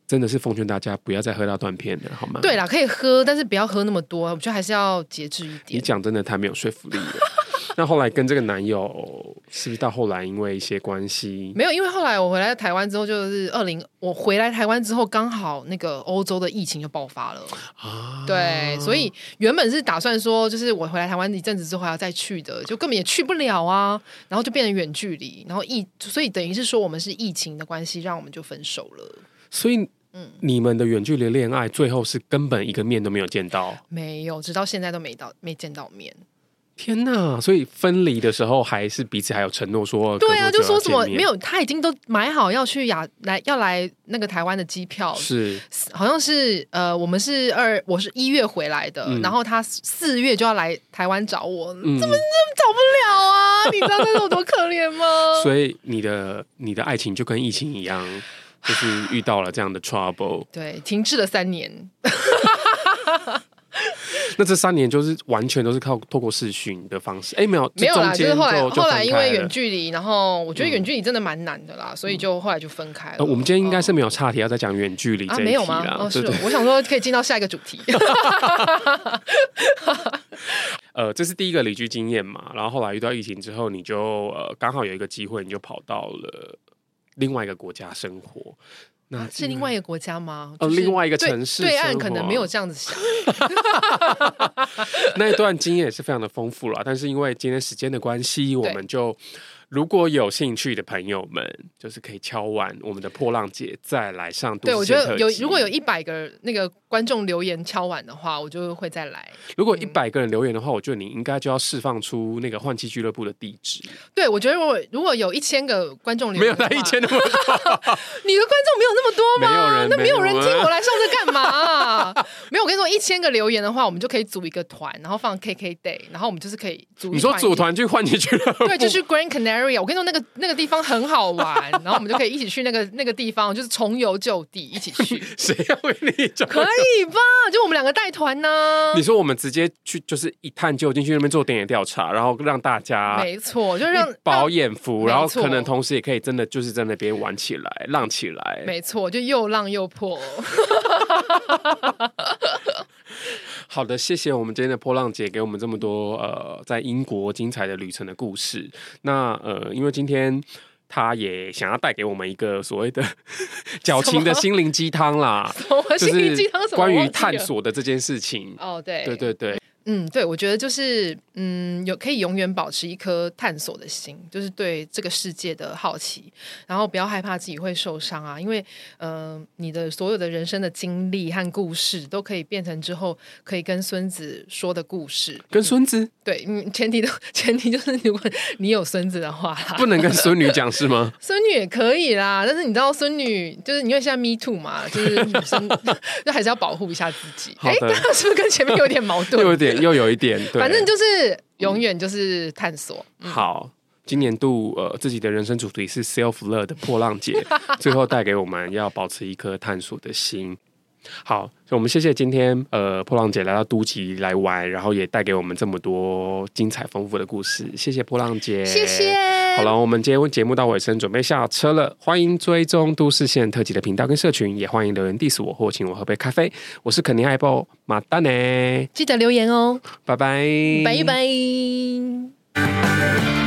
真的是奉勸大家不要再喝到斷片了，好嗎？對啦，可以喝，但是不要喝那麼多，我覺得還是要節制一點。你講真的太沒有說服力了。 那後來跟這個男友是不是到後來因為一些關係？沒有，因為後來我回來台灣之後，就是二零我回來台灣之後，剛好那個歐洲的疫情就爆發了啊。對，所以原本是打算說，就是我回來台灣一陣子之後還要再去的，就根本也去不了啊。然後就變成遠距離，然後疫，所以等於是說我們是疫情的關係，讓我們就分手了。所以，嗯，你們的遠距離戀愛最後是根本一個面都沒有見到？嗯，沒有，直到現在都沒到，沒見到面。天吶！所以分離的時候，還是彼此還有承諾說，說對啊，就說什麼沒有，他已經都買好要去亞來要來那個台灣的機票是，好像是呃，我們是二，我是一月回來的，嗯、然後他四月就要來台灣找我，嗯、怎麼怎麼找不了啊？你知道那種多可憐嗎？ 所以你的你的愛情就跟疫情一樣，就是遇到了這樣的 trouble，對，停滯了三年。 那這三年就是完全都是靠透過視訊的方式，哎，沒有沒有啦，就，就是後來後來因為遠距離，然後我覺得遠距離真的蠻難的啦，嗯、所以就後來就分開了。呃、我們今天應該是沒有岔題，哦，要再講遠距離這啊？沒有嗎？哦，對對是的，我想說可以進到下一個主題。 呃，這是第一個旅居經驗嘛，然後後來遇到疫情之後，你就，呃，剛好有一個機會，你就跑到了另外一個國家生活。那啊，是另外一個國家嗎？呃，另外一個城市，對岸可能沒有這樣子想。 那一段經驗也是非常的豐富了，但是因為今天時間的關係，對我們就。如果有興趣的朋友們，就是可以敲碗我們的破浪姐再來上。對，我覺得有，如果有一百個那個觀眾留言敲碗的話，我就會再來。如果一百個人留言的話，嗯、我覺得你應該就要釋放出那個換妻俱樂部的地址。對，我覺得如果，如果有一千個觀眾留言，沒有來一千那麼多， 你的觀眾沒有那麼多嗎？沒有人，那沒有人聽我來上這幹嘛？ 沒有，我跟你說，一千個留言的話，我們就可以組一個團，然後放 K K Day，然後我們就是可以組一。你說組團去換妻俱樂部？ 對，就是 Grand Canary。 我跟你說，那個那個地方很好玩， 然後我們就可以一起去那個那個地方，就是重遊舊地，一起去。誰 要為那種？可以吧？就我們兩個帶團呢。你說我們直接去，就是一探究竟去那邊做田野調查，然後讓大家沒錯，就讓飽眼福，啊、然後可能同時也可以真的就是在那邊玩起來、浪起來、沒錯，就又浪又破。 好的，謝謝我們今天的破浪姐給我們這麼多呃，在英國精彩的旅程的故事。那呃，因為今天她也想要帶給我們一個所謂的矯情的心靈雞湯啦，什麼就是關於探索的這件事情。哦，對，對對對。嗯嗯，對，我覺得就是，嗯，有可以永遠保持一顆探索的心，就是對這個世界的好奇，然後不要害怕自己會受傷啊，因為，呃，你的所有的人生的經歷和故事都可以變成之後可以跟孫子說的故事。跟孫子？嗯、對，嗯，前提都前提就是如果你有孫子的話，不能跟孫女講是嗎？ 孫女也可以啦，但是你知道孫女就是，因為現在 me too 嘛，就是女生， 就，就還是要保護一下自己。哎的，剛剛是不是跟前面有點矛盾？對不對？ 又有一點，對，反正就是永遠就是探索。嗯、好，今年度呃自己的人生主題是 self love 的破浪姐， 最後帶給我們要保持一顆探索的心。好，我們謝謝今天呃破浪姐來到都急來玩，然後也帶給我們這麼多精彩豐富的故事。謝謝破浪姐，謝謝。好了，我們今天節目到尾聲，準備下車了。歡迎追蹤都市線特輯的頻道跟社群，也歡迎留言 diss 我或請我喝杯咖啡。我是肯尼 Highball 馬丹尼，記得留言哦，拜拜 bye，拜拜。